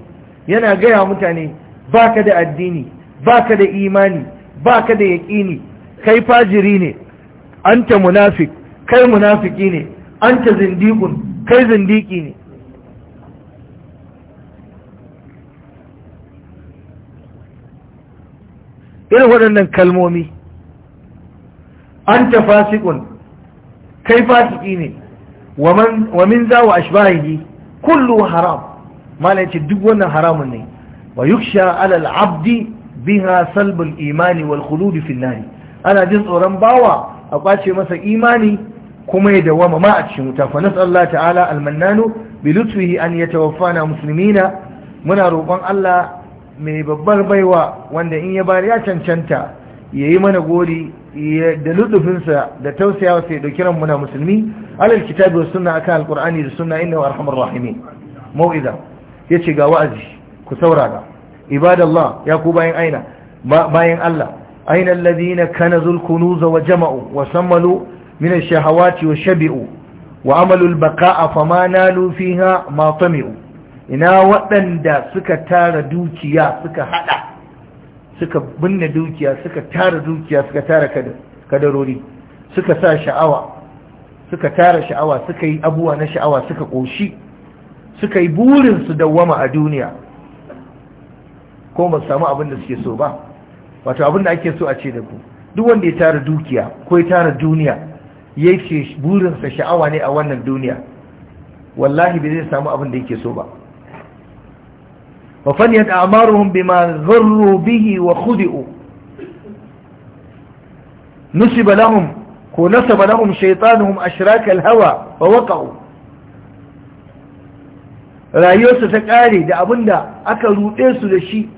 yana gaya mutane baka da addini baka da imani baka da yaƙini kai fajiri ne anta munafik kai munafiki ne anta zindiqun kai zindiki ne irin waɗannan kalmomi anta fasikun kai fasiki ne wa min za wa ashbahihi kullu haram malai ce duk wannan haramun ne wa yuksha alal abdi biha salbul imani wal khuludi fil nari ana jin tsoron bawa a kwace masa imani kuma ya dawama ma a cikin wuta fa nas'allahu ta'ala almannanu bi lutfihi an yatawaffana muslimina muna roƙon Allah mai babbar baiwa wanda in ya bari ya cancanta yayi mana gori da lutufinsa da tausayawa sai dauki ran muna musulmi alal kitabi was sunna akan alqur'ani da sunna innahu arhamur rahimin mau'iza yace ga wa'azi ku saurara ibadallah ya ku bayan aina bayan Allah aina alladhina kanazul kunuza wa jama'u wa sammalu من الشهوات وشبئوا وعملوا البقاء فما نالوا فيها ما طمئوا ina waɗanda suka tara dukiya suka haɗa suka binne dukiya suka tara dukiya suka tara kadarori suka sa sha'awa suka tara sha'awa suka yi abuwa na sha'awa suka ƙoshi suka yi burinsu dawwama a duniya ko ba samu abin da suke so ba wato abin da ake so a ce da ku duk wanda ya tara dukiya ko ya tara duniya yake burinsa sha'awa ne a wannan duniya wallahi bai zai samu abin da yake so ba wa faniyat a'maruhum bima gharru bihi wa khudi'u Nusi lahum ko nasa lahum shaytanuhum ashrak al-hawa wa waqa'u rayuwarsu ta kare da da aka ruɗe su da shi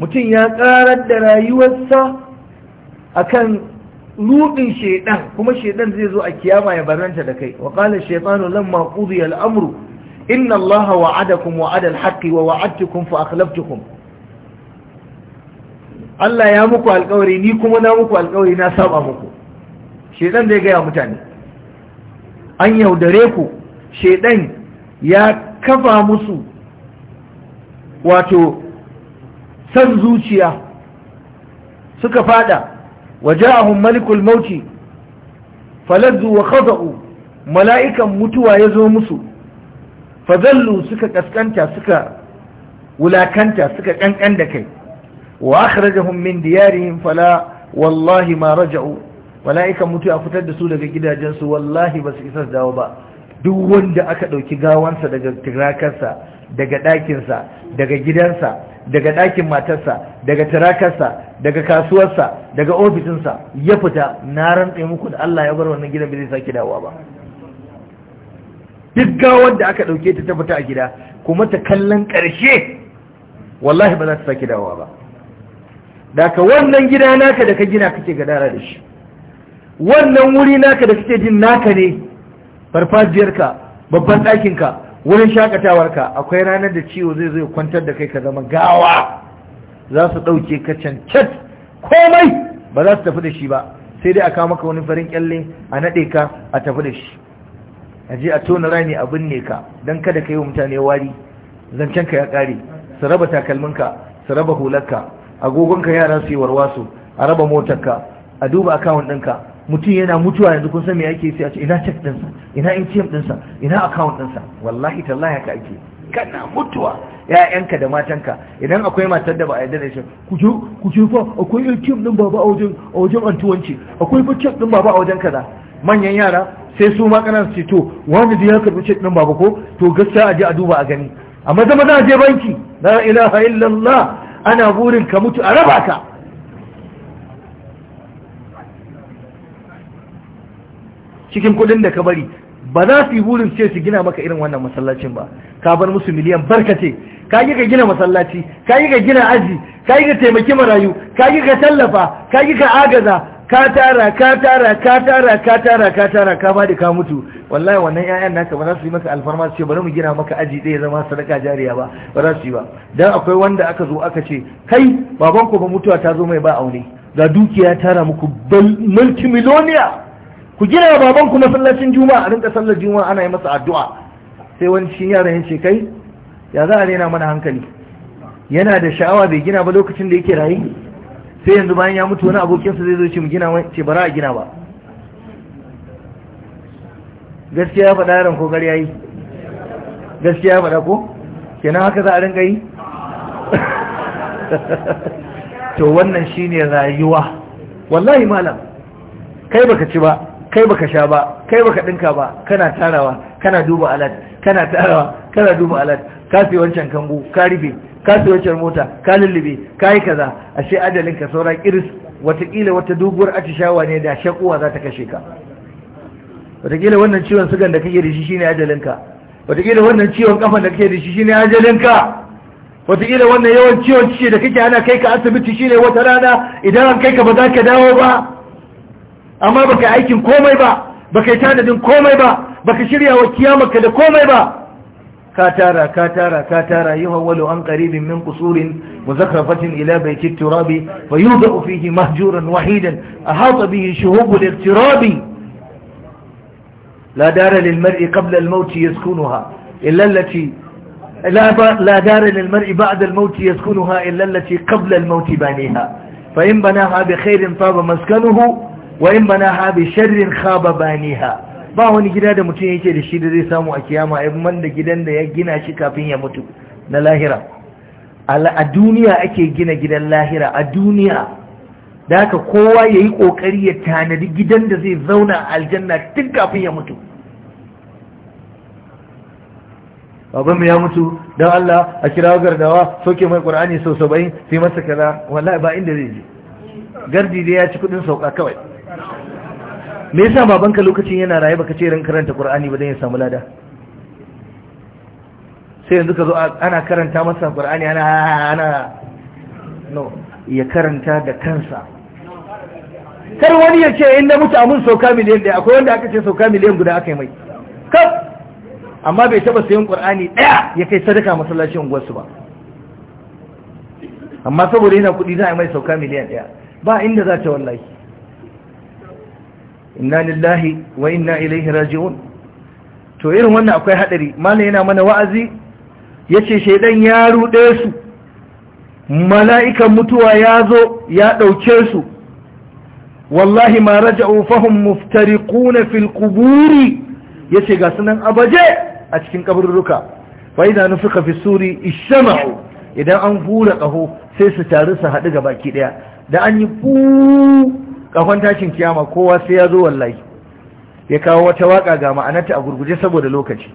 mutum ya karar da rayuwarsa akan Ludin shedan kuma shedan zai zo a kiyama ya baranta da kai wa qala shaytanu lamma qudiya al-amru inna allaha wa'adakum wa'ada al-haqqi wa wa'adtukum fa akhlaftukum Allah ya muku alƙawari ni kuma na muku alƙawari na saba muku shedan zai ga mutane an yaudare ku shedan ya kafa musu wato san zuciya suka fada وجاءهم ملك الموت فلذوا وخضعوا ملائكة متوى musu, فذلوا suka كسكنتا سكا wulakanta suka kankan da kai wa akhrajahum min diyarihim fala wallahi ma raja'u malaika mutu a fitar da su daga gidajensu wallahi basu isa dawo ba duk wanda aka ɗauki gawansa daga tirakarsa daga ɗakinsa, daga gidansa daga ɗakin matarsa daga tarakarsa daga kasuwarsa daga ofisinsa ya fita na rantse muku da Allah ya bar wannan gidan bai sake dawowa ba duk gawar da aka ɗauke ta ta fita a gida kuma ta kallon ƙarshe wallahi ba za ta sake dawowa ba daga wannan gida naka da ka gina kake gadara da shi wannan wuri naka da kake jin naka ne farfajiyarka babban ɗakinka wurin shakatawarka akwai ranar da ciwo zai zo kwantar da kai ka zama gawa za su ɗauke ka cancat komai ba za su tafi da shi ba sai dai a kawo maka wani farin kyalle a naɗe ka a tafi da shi a je a tona rami a binne ka don kada ka yi wa mutane wari zancen ka ya ƙare su raba takalmin ka su raba hular hularka agogonka yara su yi warwaso a raba motarka a duba akawun ɗinka mutum yana mutuwa yanzu kun san me ake sai a ce ina check ɗinsa ina ATM ɗinsa ina account ɗinsa wallahi tallahi haka ake kana mutuwa ‘ya'yanka da matanka idan akwai matar da ba a yarda da shi ku ce fa akwai ATM ɗin baba a wajen a wajen antuwanci akwai fa check ɗin baba a wajen kaza manyan yara sai su ma kana ce to wani da ya karbi check ɗin baba ko to gaskiya a je a duba a gani amma zama za a je banki la ilaha illallah ana burin ka mutu a raba ka cikin kudin da ka bari ba za su yi burin ce su gina maka irin wannan masallacin ba ka bar musu miliyan barkace ka yi ka gina masallaci ka yi ka gina aji ka yi ka taimaki marayu ka yi ka tallafa ka yi ka agaza ka tara ka tara ka tara ka tara ka tara ka bada ka mutu wallahi wannan ƴaƴan naka ba za su yi maka alfarma su ce bari mu gina maka aji ɗaya zama sadaka jariya ba ba za su yi ba dan akwai wanda aka zo aka ce kai babanku ba mutuwa ta zo mai ba aure ga dukiya tara muku multimillionaire ku gina baban ku masallacin juma'a a rinka sallar juma'a ana yi masa addu'a sai wani shi yaran ya ce kai ya za a rena mana hankali yana da sha'awa bai gina ba lokacin da yake rayu. sai yanzu bayan ya mutu wani abokinsa zai zo ce mu gina ce bara a gina ba gaskiya ya faɗa yaran ko gari yi gaskiya ya faɗa ko kenan haka za a rinka yi to wannan shine rayuwa wallahi malam kai baka ci ba kai baka sha ba kai baka dinka ba kana tarawa kana duba alat kana tarawa kana duba alat ka fi wancan kango ka rufe ka fi wancan mota ka lullube ka yi kaza ashe adalin ka saura kiris watakila wata dubuwar atishawa ne da shakuwa za ta kashe ka watakila wannan ciwon sugan da kake da shi shine ajalin ka watakila wannan ciwon kafan da kake da shi shine ajalin ka watakila wannan yawan ciwon ciki da kake ana kai ka asibiti shine wata rana idan an kai ka ba za ka dawo ba amma baka yi aikin komai ba baka yi tanadin komai ba baka shirya wa kiyamarka da komai ba ka tara ka tara ka tara yuhawwalu an qaribin min qusurin muzakrafatin ila bayti turabi fa yudau fihi mahjuran wahidan ahata bihi shuhub al-iqtirabi la dara lil mar'i qabla al-maut yaskunuha illa allati لا دار للمرء بعد الموت يسكنها إلا التي قبل الموت بانيها فإن بناها بخير طاب مسكنه wa in bana ha bi sharrin khaba baniha ba wani gida da mutum yake da shi da zai samu a kiyama a yi da gidan da ya gina shi kafin ya mutu na lahira a duniya ake gina gidan lahira a duniya da haka kowa ya yi ƙoƙari ya tanadi gidan da zai zauna a aljanna tun kafin ya mutu mu ya mutu don Allah a kira gardawa soke mai ƙur'ani sau saba'in sai masa kaza wallahi ba inda zai je gardi dai ya ci kudin sauka kawai me yasa babanka lokacin yana raye baka ce ran karanta qur'ani ba dan ya samu lada sai yanzu ka zo ana karanta masa qur'ani ana ana no ya karanta da kansa kar wani ya ce in na mutu amun sauka miliyan ɗaya akwai wanda aka ce sauka miliyan guda aka yi mai kaf amma bai taba sayan qur'ani ɗaya ya kai sadaka masallacin unguwarsu ba amma saboda yana kuɗi za a yi mai sauka miliyan ɗaya ba inda za ta wallahi inna lillahi wa inna ilaihi raji'un to irin wannan akwai hadari malam yana mana wa'azi yace shedan ya rude su mala'ikan mutuwa ya zo ya dauke su wallahi ma raja'u fahum muftariquna fil quburi yace ga sunan abaje a cikin kaburruka fa idan nufika fi suri ishama'u idan an hura kaho sai su taru su haɗu ga baki ɗaya da an yi fu kafan tashin kiyama kowa sai ya zo wallahi ya kawo wata waka ga ma'anarta a gurguje saboda lokaci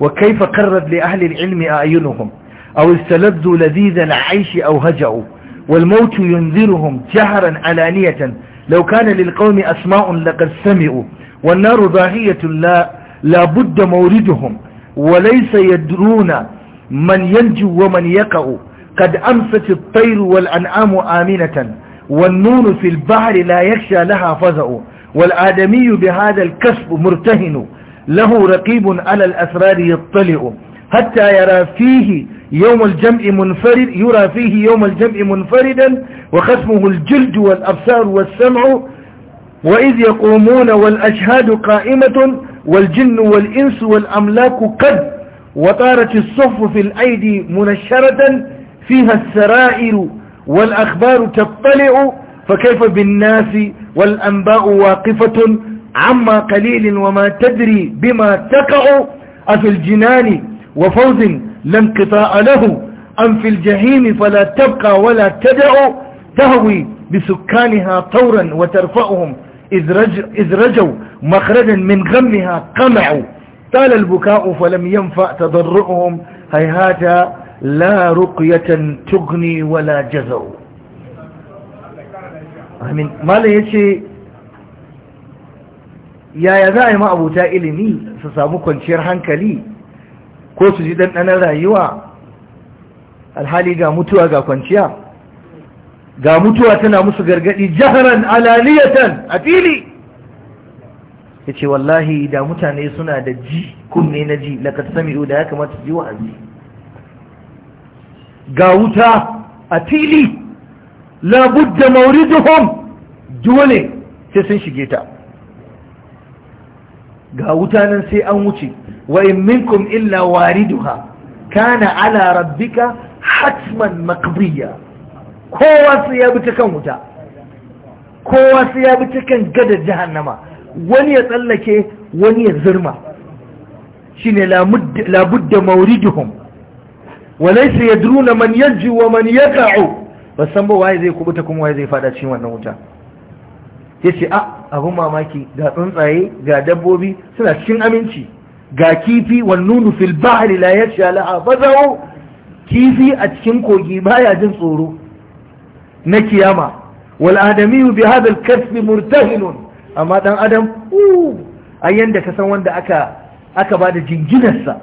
wa kaifa qarrat li ahli al-ilmi a'yunuhum aw istaladdu ladhiza al aish aw haja'u wal maut yunziruhum jahran alaniyatan law kana lil qawmi asma'un laqad sami'u wan naru dahiyatun la la budda mawriduhum wa laysa yadruna man yanju wa man yaqa'u qad amsat at-tayru wal an'amu aminatan والنون في البحر لا يخشى لها فزع والآدمي بهذا الكسب مرتهن له رقيب على الأسرار يطلع حتى يرى فيه يوم الجمع منفرد يرى فيه يوم الجمع منفردا وخصمه الجلد والأبصار والسمع وإذ يقومون والأشهاد قائمة والجن والإنس والأملاك قد وطارت الصف في الأيدي منشرة فيها السرائر والأخبار تطلع فكيف بالناس والأنباء واقفة عما قليل وما تدري بما تقع أفي الجنان وفوز لا انقطاع له أم في الجحيم فلا تبقى ولا تدع تهوي بسكانها طورا وترفعهم إذ, إذ رجوا مخرجا من غمها قمعوا طال البكاء فلم ينفع تضرعهم هيهاتا la ruqyatan tughni wala jazau amin malam yace yaya za a yi abuta ilimi su samu kwanciyar hankali ko su ji ɗanɗanar rayuwa alhali ga mutuwa ga kwanciya ga mutuwa tana musu gargadi jaharan alaliyatan a fili ya ce wallahi da mutane suna da ji kunne na ji lakar sami'u da ya kamata ji wa'azi ga wuta a fili labudda mauriduhum dole sai sun shige ta ga wuta nan sai an wuce wa in minkum illa wariduha kana ala rabbika hatman maqdiya kowa sai ya bi ta kan wuta kowa sai ya bi ta kan gada jahannama wani ya tsallake wani ya zurma shine labudda mauriduhum walaysa yadruna man yanji wa man yaqa'u basan ba waye zai kubuta kuma waye zai fada cikin wannan wuta yace a ah, abun mamaki ga tsuntsaye ga dabbobi suna cikin aminci ga kifi wan nunu fil bahri la yasha laha fazau kifi a cikin kogi baya jin tsoro na kiyama wal adamiyu bi hadha al kasb amma dan adam a yadda ka san wanda aka aka ba da jinginarsa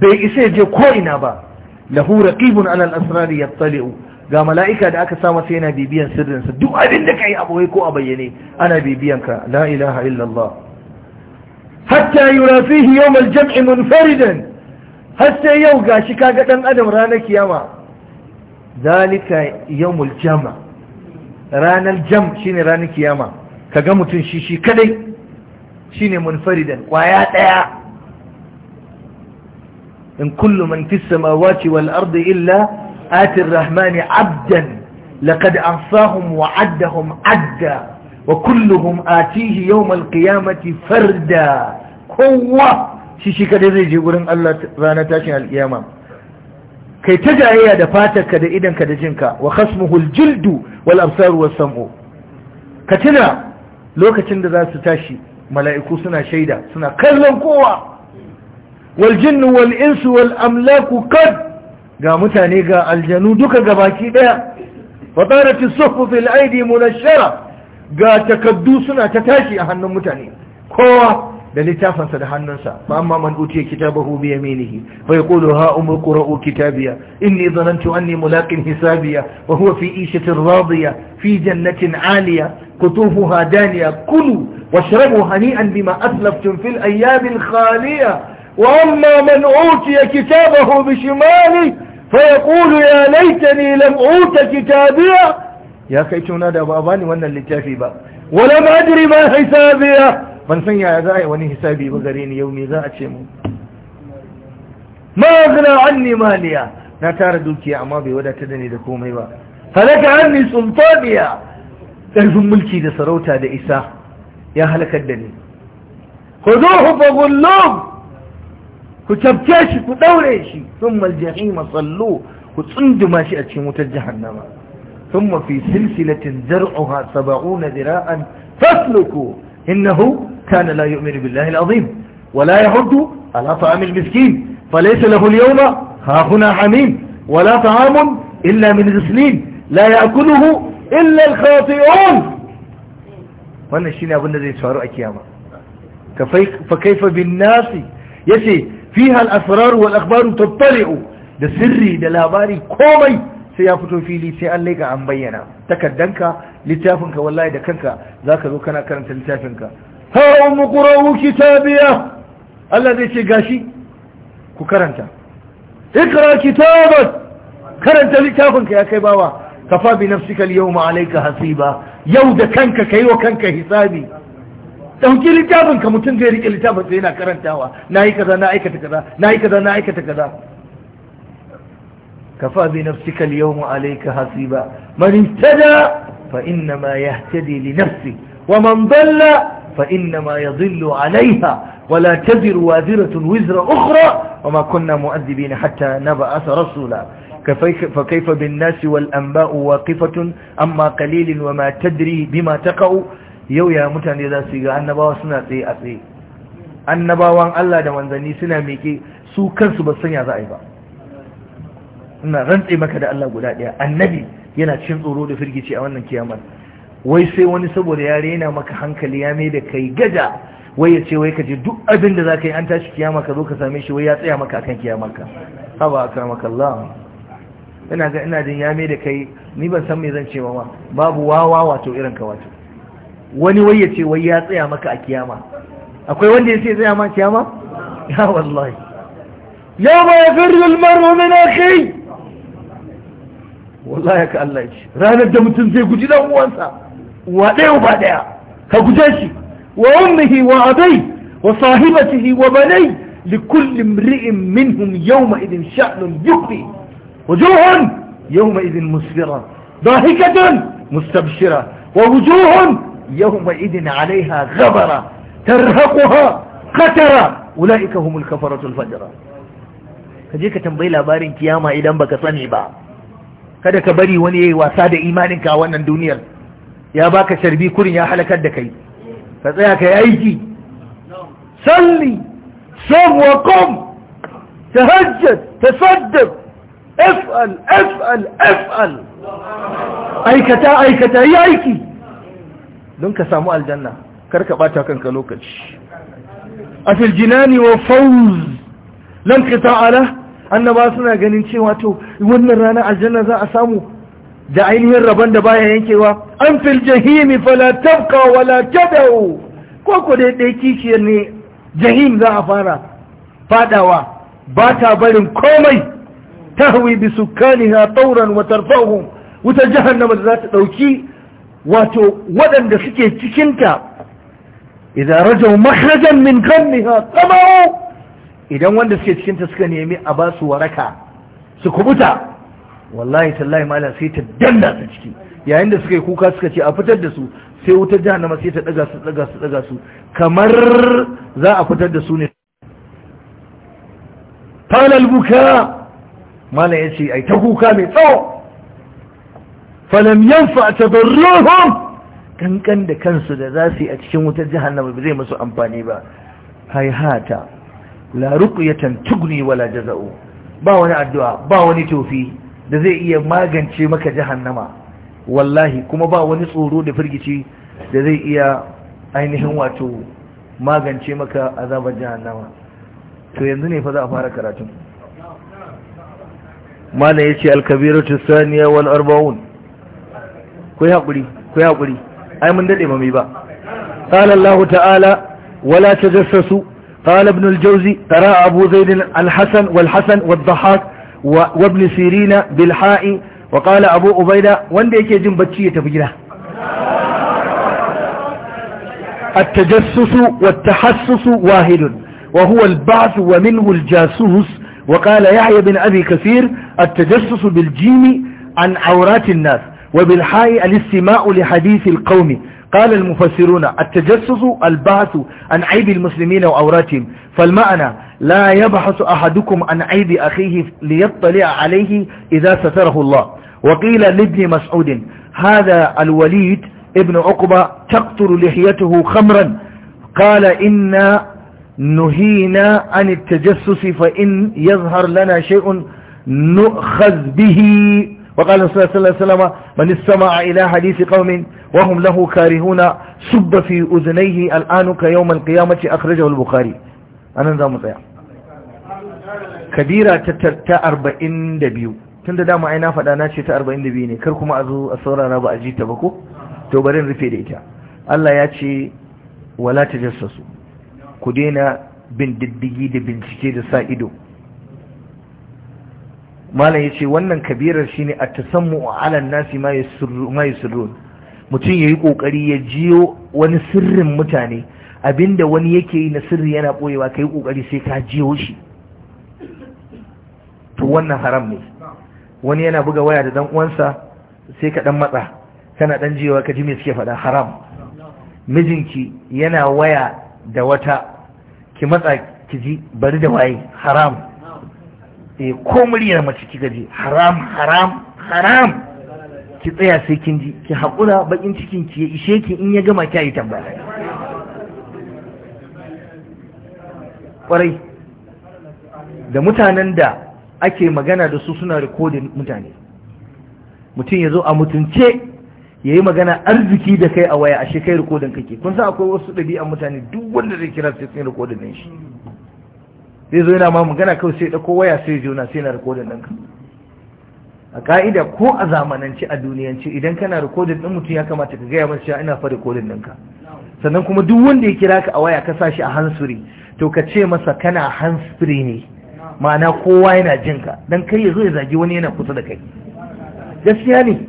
bai isa je ko ina ba lahu raqibun ala al-asrar yattali'u ga mala'ika da aka sa masa yana bibiyan sirrinsa duk abin da kai abu ko a bayyane ana bibiyan ka la ilaha illallah hatta yurafihi yawm al-jam'i munfaridan har sai yau gashi kaga dan adam ranar kiyama zalika yawmul jama ranar jam shine ranar kiyama kaga mutum shi shi kadai shine munfaridan kwaya daya إن كل من في السماوات والأرض إلا آت الرحمن عبدا لقد أعصاهم وعدهم عدا وكلهم آتيه يوم القيامة فردا قوة شيشي كده زي جيقولن الله رانا تاشن القيامة كي تجعي هذا فاتك كده إذن كده جنك وخصمه الجلد والأبصار والسمع كتنا لو ده ذا ستاشي ملائكو سنا شيدا سنا kallon kowa والجن والإنس والأملاك قد قا متاني قا الجنود دوكا قباكي فطارت الصف في الأيدي منشرة قا تكدوسنا تتاشي أهن متاني كوا للتافن سدحننسا فأما من أوتي كتابه بيمينه فيقول ها أم قرأوا كتابيا إني ظننت أني ملاق حسابيا وهو في إيشة راضية في جنة عالية قطوفها دانية كلوا واشربوا هنيئا بما أسلفتم في الأيام الخالية وأما من أوتي كتابه بشماله فيقول يا ليتني لم أوت كتابيا يا كيتونا دا باباني وانا اللي تافي باب ولم أدري ما حسابيا من سنع يا واني حسابي بغريني يومي ذا أتشمو ما أغنى عني لا نتاردوك دوكي أعمابي ولا تدني دكومي با فلك عني سلطانيا ƙarfin ملكي دسروتا sarauta يا هلك ya خذوه فغلوه وتبكيش وتدور شيء ثم الجحيم صلوه وتصند ما شئت في شيء متجهنما ثم في سلسلة زرعها سبعون ذراعا فاسلكوا إنه كان لا يؤمن بالله العظيم ولا يحض على طعام المسكين فليس له اليوم هاهنا حميم ولا طعام إلا من غسلين لا يأكله إلا الخاطئون وانا الشيء يا ابن الذي يسعر أكياما فكيف بالناس يسي fiha al-asrar wal akhbar da sirri da labari komai sai ya fito fili sai an laika an bayyana takaddanka littafinka wallahi da kanka za ka zo kana karanta littafinka ha ummu qura'u kitabiya Allah zai ce gashi ku karanta ikra kitabak karanta littafinka ya kai bawa kafa bi nafsika al-yawma alayka hasiba yau da kanka kai wa kanka hisabi ɗauki littafin ka mutum zai rike littafin sai yana karantawa na yi kaza na aikata kaza na yi kaza na aikata kaza kafa bi nafsika al-yawma alayka hasiba man ihtada fa inna ma yahtadi li nafsi wa man dalla fa inna ma yadhillu alayha wa la ولا تزر wizra ukhra wa ma kunna mu'adhibina hatta naba'a rasula فكيف بالناس والأنباء واقفة أما قليل وما تدري بما تقع yau ya mutane za su yi ga annabawa suna tsaye a tsaye annabawan Allah da manzanni suna meke su kansu ba sanya za a yi ba ina rantse maka da Allah guda ɗaya annabi yana cin tsoro da firgici a wannan kiyamar wai sai wani saboda ya rena maka hankali ya mai da kai gada. wai ya ce wai ka je duk abin da za ka yi an tashi kiyama ka zo ka same shi wai ya tsaya maka akan ka haba akramaka Allah ina ga ina jin ya mai da kai ni ban san me zan ce ba babu wawa wato irin ka wato wani wai ya ce wai ya tsaya maka a kiyama akwai wanda ya ce tsaya ma kiyama ya wallahi ya ma ya firri almaru min akhi wallahi ka Allah ya ce ranar da mutum zai guji dan uwansa wa dai ba daya ka guje shi wa ummihi wa abai wa sahibatihi wa banai likulli imri'in minhum yawma idin sha'nun yuqbi wujuhun yawma idin musfira ضاحكة مستبشرة ووجوه يومئذ عليها غبرة ترهقها قترة أولئك هم الكفرة الفجرة هذه كتنبيل أبارين كياما إذا بك صنيبا هذا كبري وني وساد إيمانك وانا الدنيا يا باك شربي كل يا حلك الدكي فسيك يا أيجي صلي صم وقم تهجد تصدق افعل افعل افعل ايكتا ايكتا يا ايكي don ka samu aljanna kar ka bata kanka lokaci a filjinani wa fawz lan qita'ala annaba suna ganin cewa to wannan rana aljanna za a samu da ainihin rabon da baya yankewa an fil fala tabqa wala tadau ko ko dai dai kishiyar ne jahim za a fara fadawa ba ta barin komai tahwi bi sukkaniha tawran wa tarfa'uhum wuta jahannama za ta dauki wato waɗanda suke cikinta idan rajau mahrajan min gammiha tsamau idan wanda suke cikinta suka nemi a ba su waraka su kubuta wallahi tallahi mala sai ta danna su ciki yayin da suka yi kuka suka ce a fitar da su sai wutar jahannama sai ta daga su daga su daga su kamar za a fitar da su ne falal buka malam yace ai ta kuka mai tsawo falam yanfa tabarruhum kankan da kansu da za su yi a cikin wutar jihar ba zai musu amfani ba haihata laruku ya tantugni wala jaza'u ba wani addu'a ba wani tofi da zai iya magance maka jahannama wallahi kuma ba wani tsoro da firgici da zai iya ainihin wato magance maka azabar jahannama to yanzu ne fa za a fara karatun mala ya ce kabiratu thaniya wal arba'un ku haƙuri ai mun daɗe mami ba ƙalallahu ta'ala wala ta jasa su ƙalabnul jauzi tara abu zaidin alhassan walhassan wadda-hak wabni sirina bilha'i wa ƙala abu ubaida wanda yake jin bacci ya tafi gida وقال يحيى بن أبي كثير التجسس بالجيم عن عورات الناس وبالحاء الاستماع لحديث القوم قال المفسرون التجسس البحث عن عيب المسلمين وأوراتهم فالمعنى لا يبحث أحدكم عن عيب أخيه ليطلع عليه إذا ستره الله وقيل لابن مسعود هذا الوليد ابن عقبة تقتل لحيته خمرا قال إنا نهينا عن التجسس فإن يظهر لنا شيء نؤخذ به وقال صلى الله a وسلم hadisi استمع إلى حديث قوم وهم له كارهون سب في أذنيه الآن كيوم القيامة أخرجه البخاري أنا نظام صيام kabira ta arba'in da biyu tun dama ai na faɗa na ce ta arba'in da biyu ne kar kuma a zo a saurara ba a ji ta ba ko to rufe da ita Allah ya ce wala ta jassasu ku daina bin diddigi da bincike da sa ido malam ya ce wannan kabirar shine a tasammu ala nasi ma yusirru ma yusirrun mutum yayi kokari ya jiyo wani sirrin mutane abinda wani yake yi na sirri yana boyewa kai kokari sai ka jiyo shi to wannan haram ne wani yana buga waya da dan uwansa sai ka dan matsa kana dan jiyowa ka ji me suke faɗa haram mijinki yana waya da wata ki matsa ki ji bari da waye haram eh ko muryar mace ki gaji haram haram haram ki tsaya sai kin ji ki hakura bakin cikin ki ya ishe ki in ya gama ki yi tambaya kwarai da mutanen da ake magana da su suna rikodin mutane mutum ya zo a mutunce ya yi magana arziki da kai a waya ashe kai rikodin kake kun san akwai wasu ɗabi'an mutane duk wanda zai kira sai sun rikodin nan shi zai zo yana ma magana kawai sai ɗauko waya sai juna sai na rikodin ɗinka a ka'ida ko a zamanance a duniyance idan kana rikodin ɗin mutum ya kamata ka gaya masa ina fa rikodin ka sannan kuma duk wanda ya kira ka a waya ka sa shi a hansuri to ka ce masa kana hansuri ne ma'ana kowa yana jin ka dan kai ya zo ya zagi wani yana kusa da kai gaskiya ne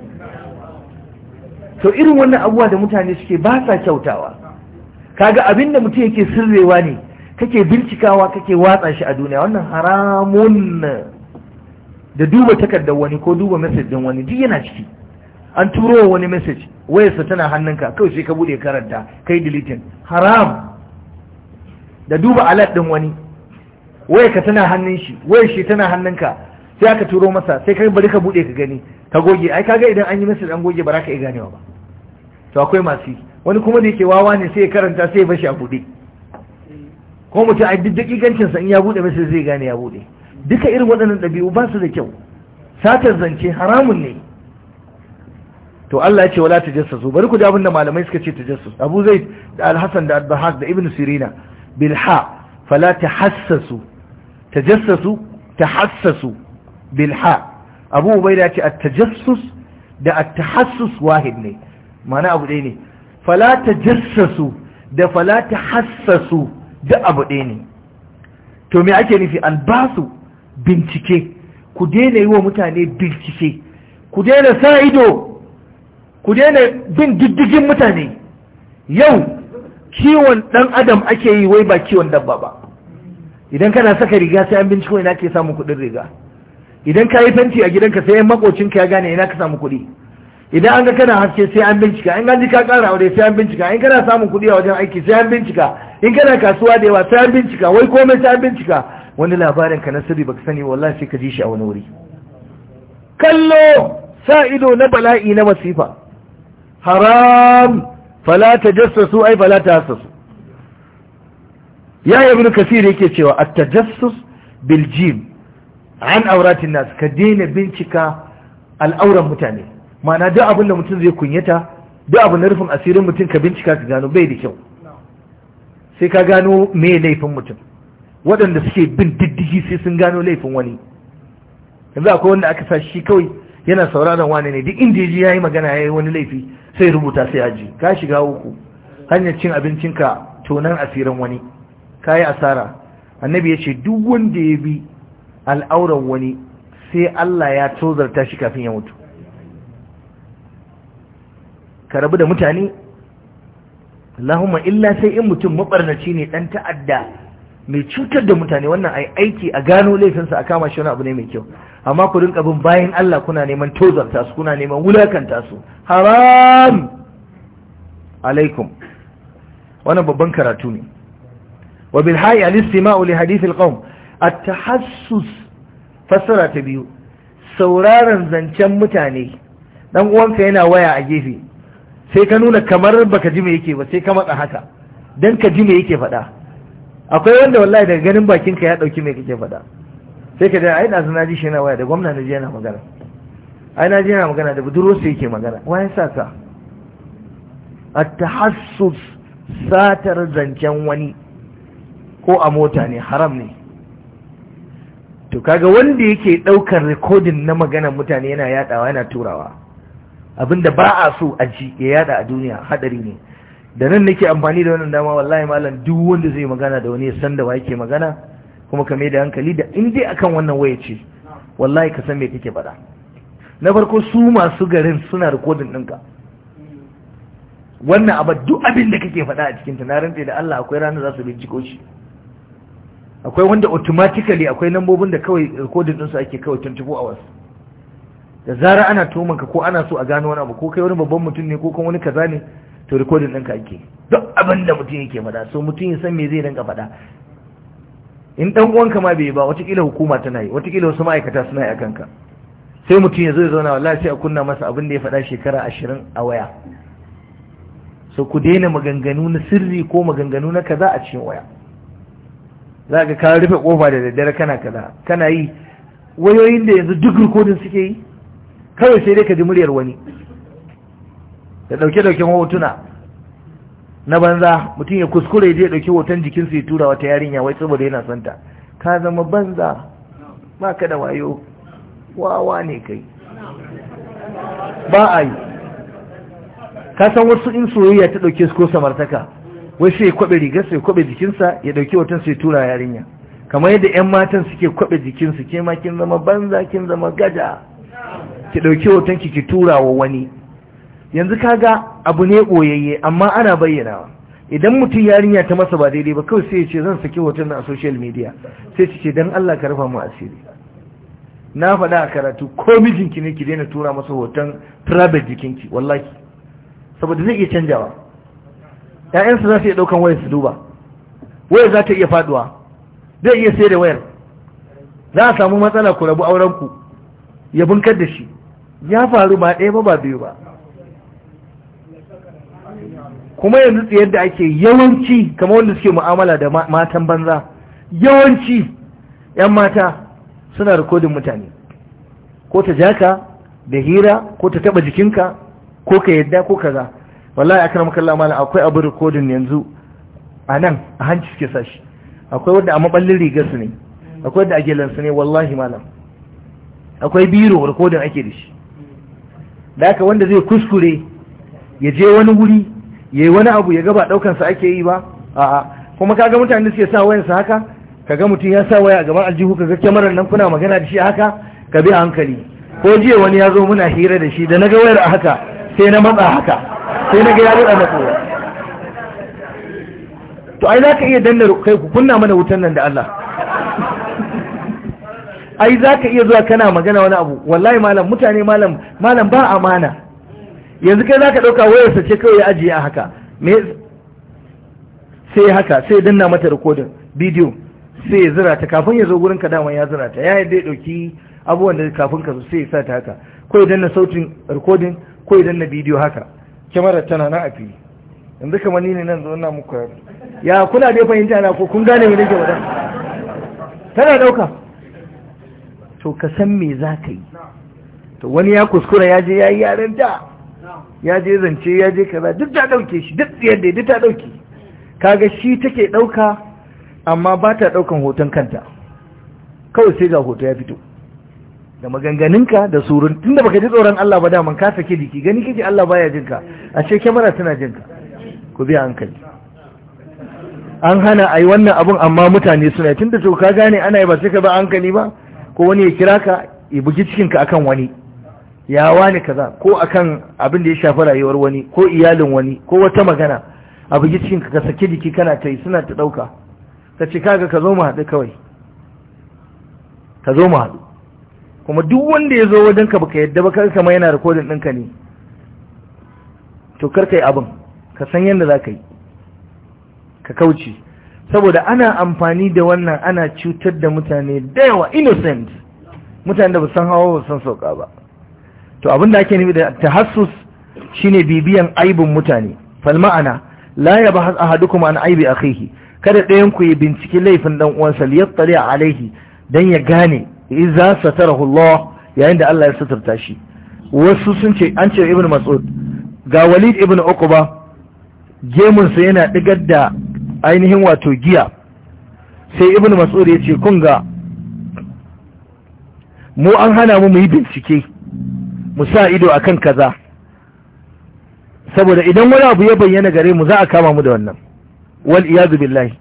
to irin wannan abubuwa da mutane suke ba sa kyautawa kaga abin da mutum yake sirrewa ne kake bincikawa kake watsa shi a duniya wannan haramun da duba takardar wani ko duba message din wani duk yana ciki an turo wani message wayarsa tana hannunka kawai sai ka bude karanta kai deleting haram da duba alert din wani ka tana hannun shi wayar shi tana hannunka sai aka turo masa sai kai bari ka bude ka gani ka goge ai kaga idan an yi message an goge ba za ka iya ganewa ba to akwai masu wani kuma da yake wawa ne sai ya karanta sai ya bashi a bude ko mutum a duk dakikancinsa in ya buɗe masa zai gane ya buɗe duka irin waɗannan ɗabi'u ba su da kyau satar zance haramun ne to Allah ya ce wala tajassasu bari ku da abin da malamai suka ce tajassus Abu Zaid da Al-Hasan da Al-Bahaq da Ibn Sirina bil ha fala tahassasu tajassasu tahassasu bil ha Abu Ubaida ce at-tajassus da at-tahassus wahid ne ma'ana abu ɗaya ne fala tajassasu da fala tahassasu duk abu ɗaya ne to me ake nufi an ba su bincike ku daina yi wa mutane bincike ku daina sa ido ku daina bin diddigin mutane yau kiwon ɗan adam ake yi wai ba kiwon dabba ba idan kana saka riga sai an binciko ina ke samun kuɗin riga idan ka yi fenti a gidanka sai makocinka ya gane ina ka samu kuɗi idan an ga kana haske sai an bincika in ji ka ƙara aure sai an bincika in kana samun kuɗi a wajen aiki sai an bincika in kana kasuwa da yawa ta bincika wai komai ta bincika wani labarin ka na sirri baka sani wallahi ka ji shi a wani wuri kallo sa ido na bala'i na masifa haram fala tajassasu ai fala tahassasu ya ibn kasir yake cewa at-tajassus bil jim an auratin nas ka daina bincika al'auran mutane ma'ana duk abin da mutum zai kunyata duk abin na rufin asirin mutum ka bincika ka gano bai da kyau sai ka gano me laifin mutum waɗanda suke bin diddigi sai sun gano laifin wani yanzu akwai wanda aka sa shi kawai yana sauraron wani ne duk inda ya yi magana ya yi wani laifi sai rubuta sai aji ka shiga uku hanyar cin abincinka tonan asirin wani ka yi asara annabi ya ce duk wanda ya bi al'auran wani sai Allah ya tozarta shi kafin ya mutu ka rabu da mutane lahuma illa sai in mutum mabarnaci ne dan ta'adda mai cutar da mutane wannan ai aiki a gano laifinsa a kama shi wani abu ne mai kyau amma ku rinka bin bayan Allah kuna neman tozarta su kuna neman wulakanta su haram alaikum wannan babban karatu ne wa bil hayy al istima'u li hadith al qawm at tahassus fasara ta biyu sauraron zancen mutane dan uwanka yana waya a gefe sai ka nuna kamar baka ji me yake ba sai ka matsa haka dan ka ji me yake faɗa akwai wanda wallahi daga ganin bakin ka ya dauki me kake faɗa sai ka ji ai yi na ji shi na waya da gwamna na ji yana magana ai na ji yana magana da budurwarsa yake magana wayan sa ka at-tahassus satar zancen wani ko a mota ne haram ne to kaga wanda yake daukar rikodin na maganar mutane yana yadawa yana turawa Abin da ba a so a ji ya yada a duniya hadari ne da nan nake amfani da wannan dama wallahi malam duk wanda zai magana da wani ya san da wa yake magana kuma ka da hankali da in dai akan wannan waya ce wallahi ka san me kake faɗa na farko su masu garin suna rikodin ɗinka wannan abu duk abin da kake faɗa a cikin tunarin da Allah akwai ranar za su binciko shi akwai wanda automatically akwai lambobin da kawai rikodin ɗinsu ake kawai a hours da zara ana tuhuman ka ko ana so a gano wani abu ko kai wani babban mutum ne ko kan wani kaza ne to recording ɗinka ake duk abin da mutum yake faɗa so mutum ya san me zai dinka faɗa in ɗan uwanka ma bai ba watakila hukuma tana yi watakila wasu ma'aikata suna yi a kanka sai mutum ya zo ya zauna wallahi sai a kunna masa abin da ya faɗa shekara ashirin a waya so ku daina maganganu na sirri ko maganganu na kaza a cikin waya za ka rufe kofa da daddare kana kaza kana yi wayoyin da yanzu duk rikodin suke yi kawai sai dai ka ji muryar wani da ɗauke-ɗauken hotuna na banza mutum ya kuskure je ya ɗauki hoton jikinsu ya tura wata yarinya wai saboda yana santa ka zama banza ba ka da wayo wawa ne kai ba a yi ka san wasu in soyayya ta ɗauke su ko samartaka wai sai ya kwaɓe rigar sai ya kwaɓe jikinsa ya ɗauki hoton sai ya tura yarinya kamar yadda 'yan matan suke kwaɓe jikinsu ke ma kin zama banza kin zama gaja ki ɗauki hoton ki ki tura wa wani yanzu kaga abu ne ɓoyayye amma ana bayyanawa idan mutum yarinya ta masa ba daidai ba kawai sai ya ce zan saki hoton na a social media sai ki ce dan Allah ka rufa mu asiri na faɗa a karatu ko mijinki ne ki daina tura masa hoton private jikinki wallahi saboda zai iya canjawa ƴaƴansu za su iya ɗaukan wayar su duba wayar za ta iya faɗuwa zai iya sai da wayar za a samu matsala ku rabu aurenku ya bunkar da shi ya faru ba ɗaya ba ba biyu ba kuma yanzu tsayar da ake yawanci kamar wanda suke mu'amala da matan banza yawanci 'yan mata suna rikodin mutane ko ta jaka da hira ko ta taba jikinka ko ka yadda ko kaza wallahi akan makalla mana akwai abin rikodin yanzu a nan a hanci suke sashi akwai wadda a maballin rigar su ne akwai wadda a su ne wallahi malam akwai biro rikodin ake da shi da haka wanda zai kuskure ya je wani wuri ya yi wani abu ya gaba ɗaukansa ake yi ba a'a kuma kaga mutane da suke sa wayansa haka kaga mutum ya sa waya a gaban aljihu kaga kyamarar nan kuna magana da shi haka ka bi hankali ko jiya wani ya zo muna hira da shi da na ga wayar a haka sai na matsa haka sai na ga ya na matsa to ai za ka iya danna kai ku kunna mana wutan nan da Allah ai za ka iya zuwa kana magana wani abu wallahi malam mutane malam malam ba amana yanzu kai za ka ɗauka wayarsa ce kawai ya ajiye a haka me sai haka sai danna mata rikodin bidiyo sai ya zira ta kafin ya zo gurin ka dama ya zira ta ya yadda ya ɗauki abubuwan da kafin ka zo sai ya sa ta haka ko ya danna sautin rikodin ko ya danna bidiyo haka kyamarar tana na a fili yanzu kamar ni ne nan zo na muku ya kuna dai fahimta na ko kun gane mu nake wadan tana ɗauka to ka san me za ka yi to wani ya kuskura ya je ya yi yaren da ya je zance ya je kaza duk ta ɗauke shi duk yadda duk ta ɗauke kaga shi take ɗauka amma ba ta ɗaukan hoton kanta kawai sai ga hoto ya fito da maganganunka da surun tunda baka ji tsoron Allah ba daman ka sake jiki gani kike Allah baya jinka ashe kyamara tana jinka ku biya hankali an hana ai wannan abun amma mutane suna tunda to ka gane ana yi ba sai ka ba hankali ba ko wani ya kira ka ya bugi cikinka akan wani ya wani kaza ko akan abin da ya shafi rayuwar wani ko iyalin wani ko wata magana a bugi cikinka ka saki jiki kana ta yi suna ta ɗauka ka ce kaga ka zo mu haɗu kawai ka zo mu haɗu kuma duk wanda ya zo wajen ka baka yadda ba kaga kamar yana rikodin ɗinka ne to kar ka yi abin ka san yadda za ka yi ka kauce saboda ana amfani da wannan ana cutar da mutane da yawa innocent mutane da ba san hawa ba san sauka ba to abin da ake nufi da tahassus shine bibiyan aibin mutane fal ma'ana la ya yabhas ahadukum an aibi akhihi kada ɗayan ku ya binciki laifin dan uwansa li alaihi dan ya gane idza satarahu Allah yayin da Allah ya suturta shi wasu sun ce an ce ibn mas'ud ga walid ibn uqba gemunsa yana digar da ainihin wato giya sai ibn mas'ud ya ce kun ga mu an hana mu yi bincike mu sa ido akan kaza saboda idan wani abu ya bayyana gare mu za a kama mu da wannan wal iyazu billahi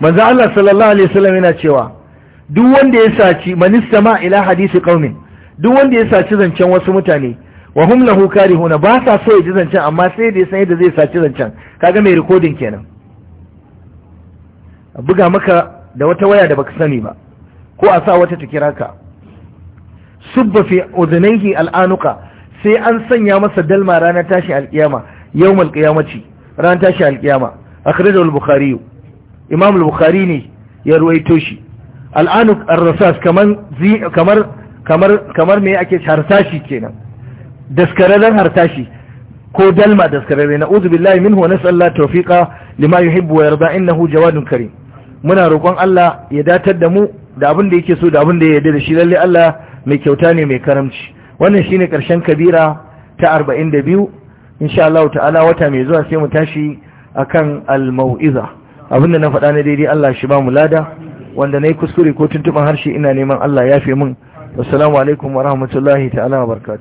manzo Allah sallallahu alaihi wasallam yana cewa duk wanda ya saci ma ila hadisi qaumin duk wanda ya saci zancen wasu mutane wa hum lahu karihuna ba sa so ya ji zancen amma sai da ya san yadda zai saci zancen ka ga mai rikodin kenan a buga maka da wata waya da baka sani ba ko a sa wata ta kira ka subba fi udunaihi al'anuka sai an sanya masa dalma ranar tashi alkiyama yawmal qiyamati ranar tashi alkiyama akhrajahu al-bukhari imam al-bukhari ne ya ruwaito shi al'anuk ar-rasas kamar kamar kamar kamar me ake harsashi kenan daskararren hartashi ko dalma daskararre na uzu billahi minhu wa nas'allahu tawfiqa lima yuhibbu wa yarda innahu jawadun karim muna roƙon Allah ya datar da mu da abin da yake so da abin da ya yarda da shi lalle Allah mai kyauta ne mai karamci wannan shine karshen kabira ta 42 insha Allah ta'ala wata mai zuwa sai mu tashi akan al-mau'iza abinda na faɗa na daidai Allah shi ba mu lada wanda na yi kuskure ko tuntuban harshe ina neman Allah ya fi mun wasu alaikum wa rahmatullahi ta'ala wa barkatu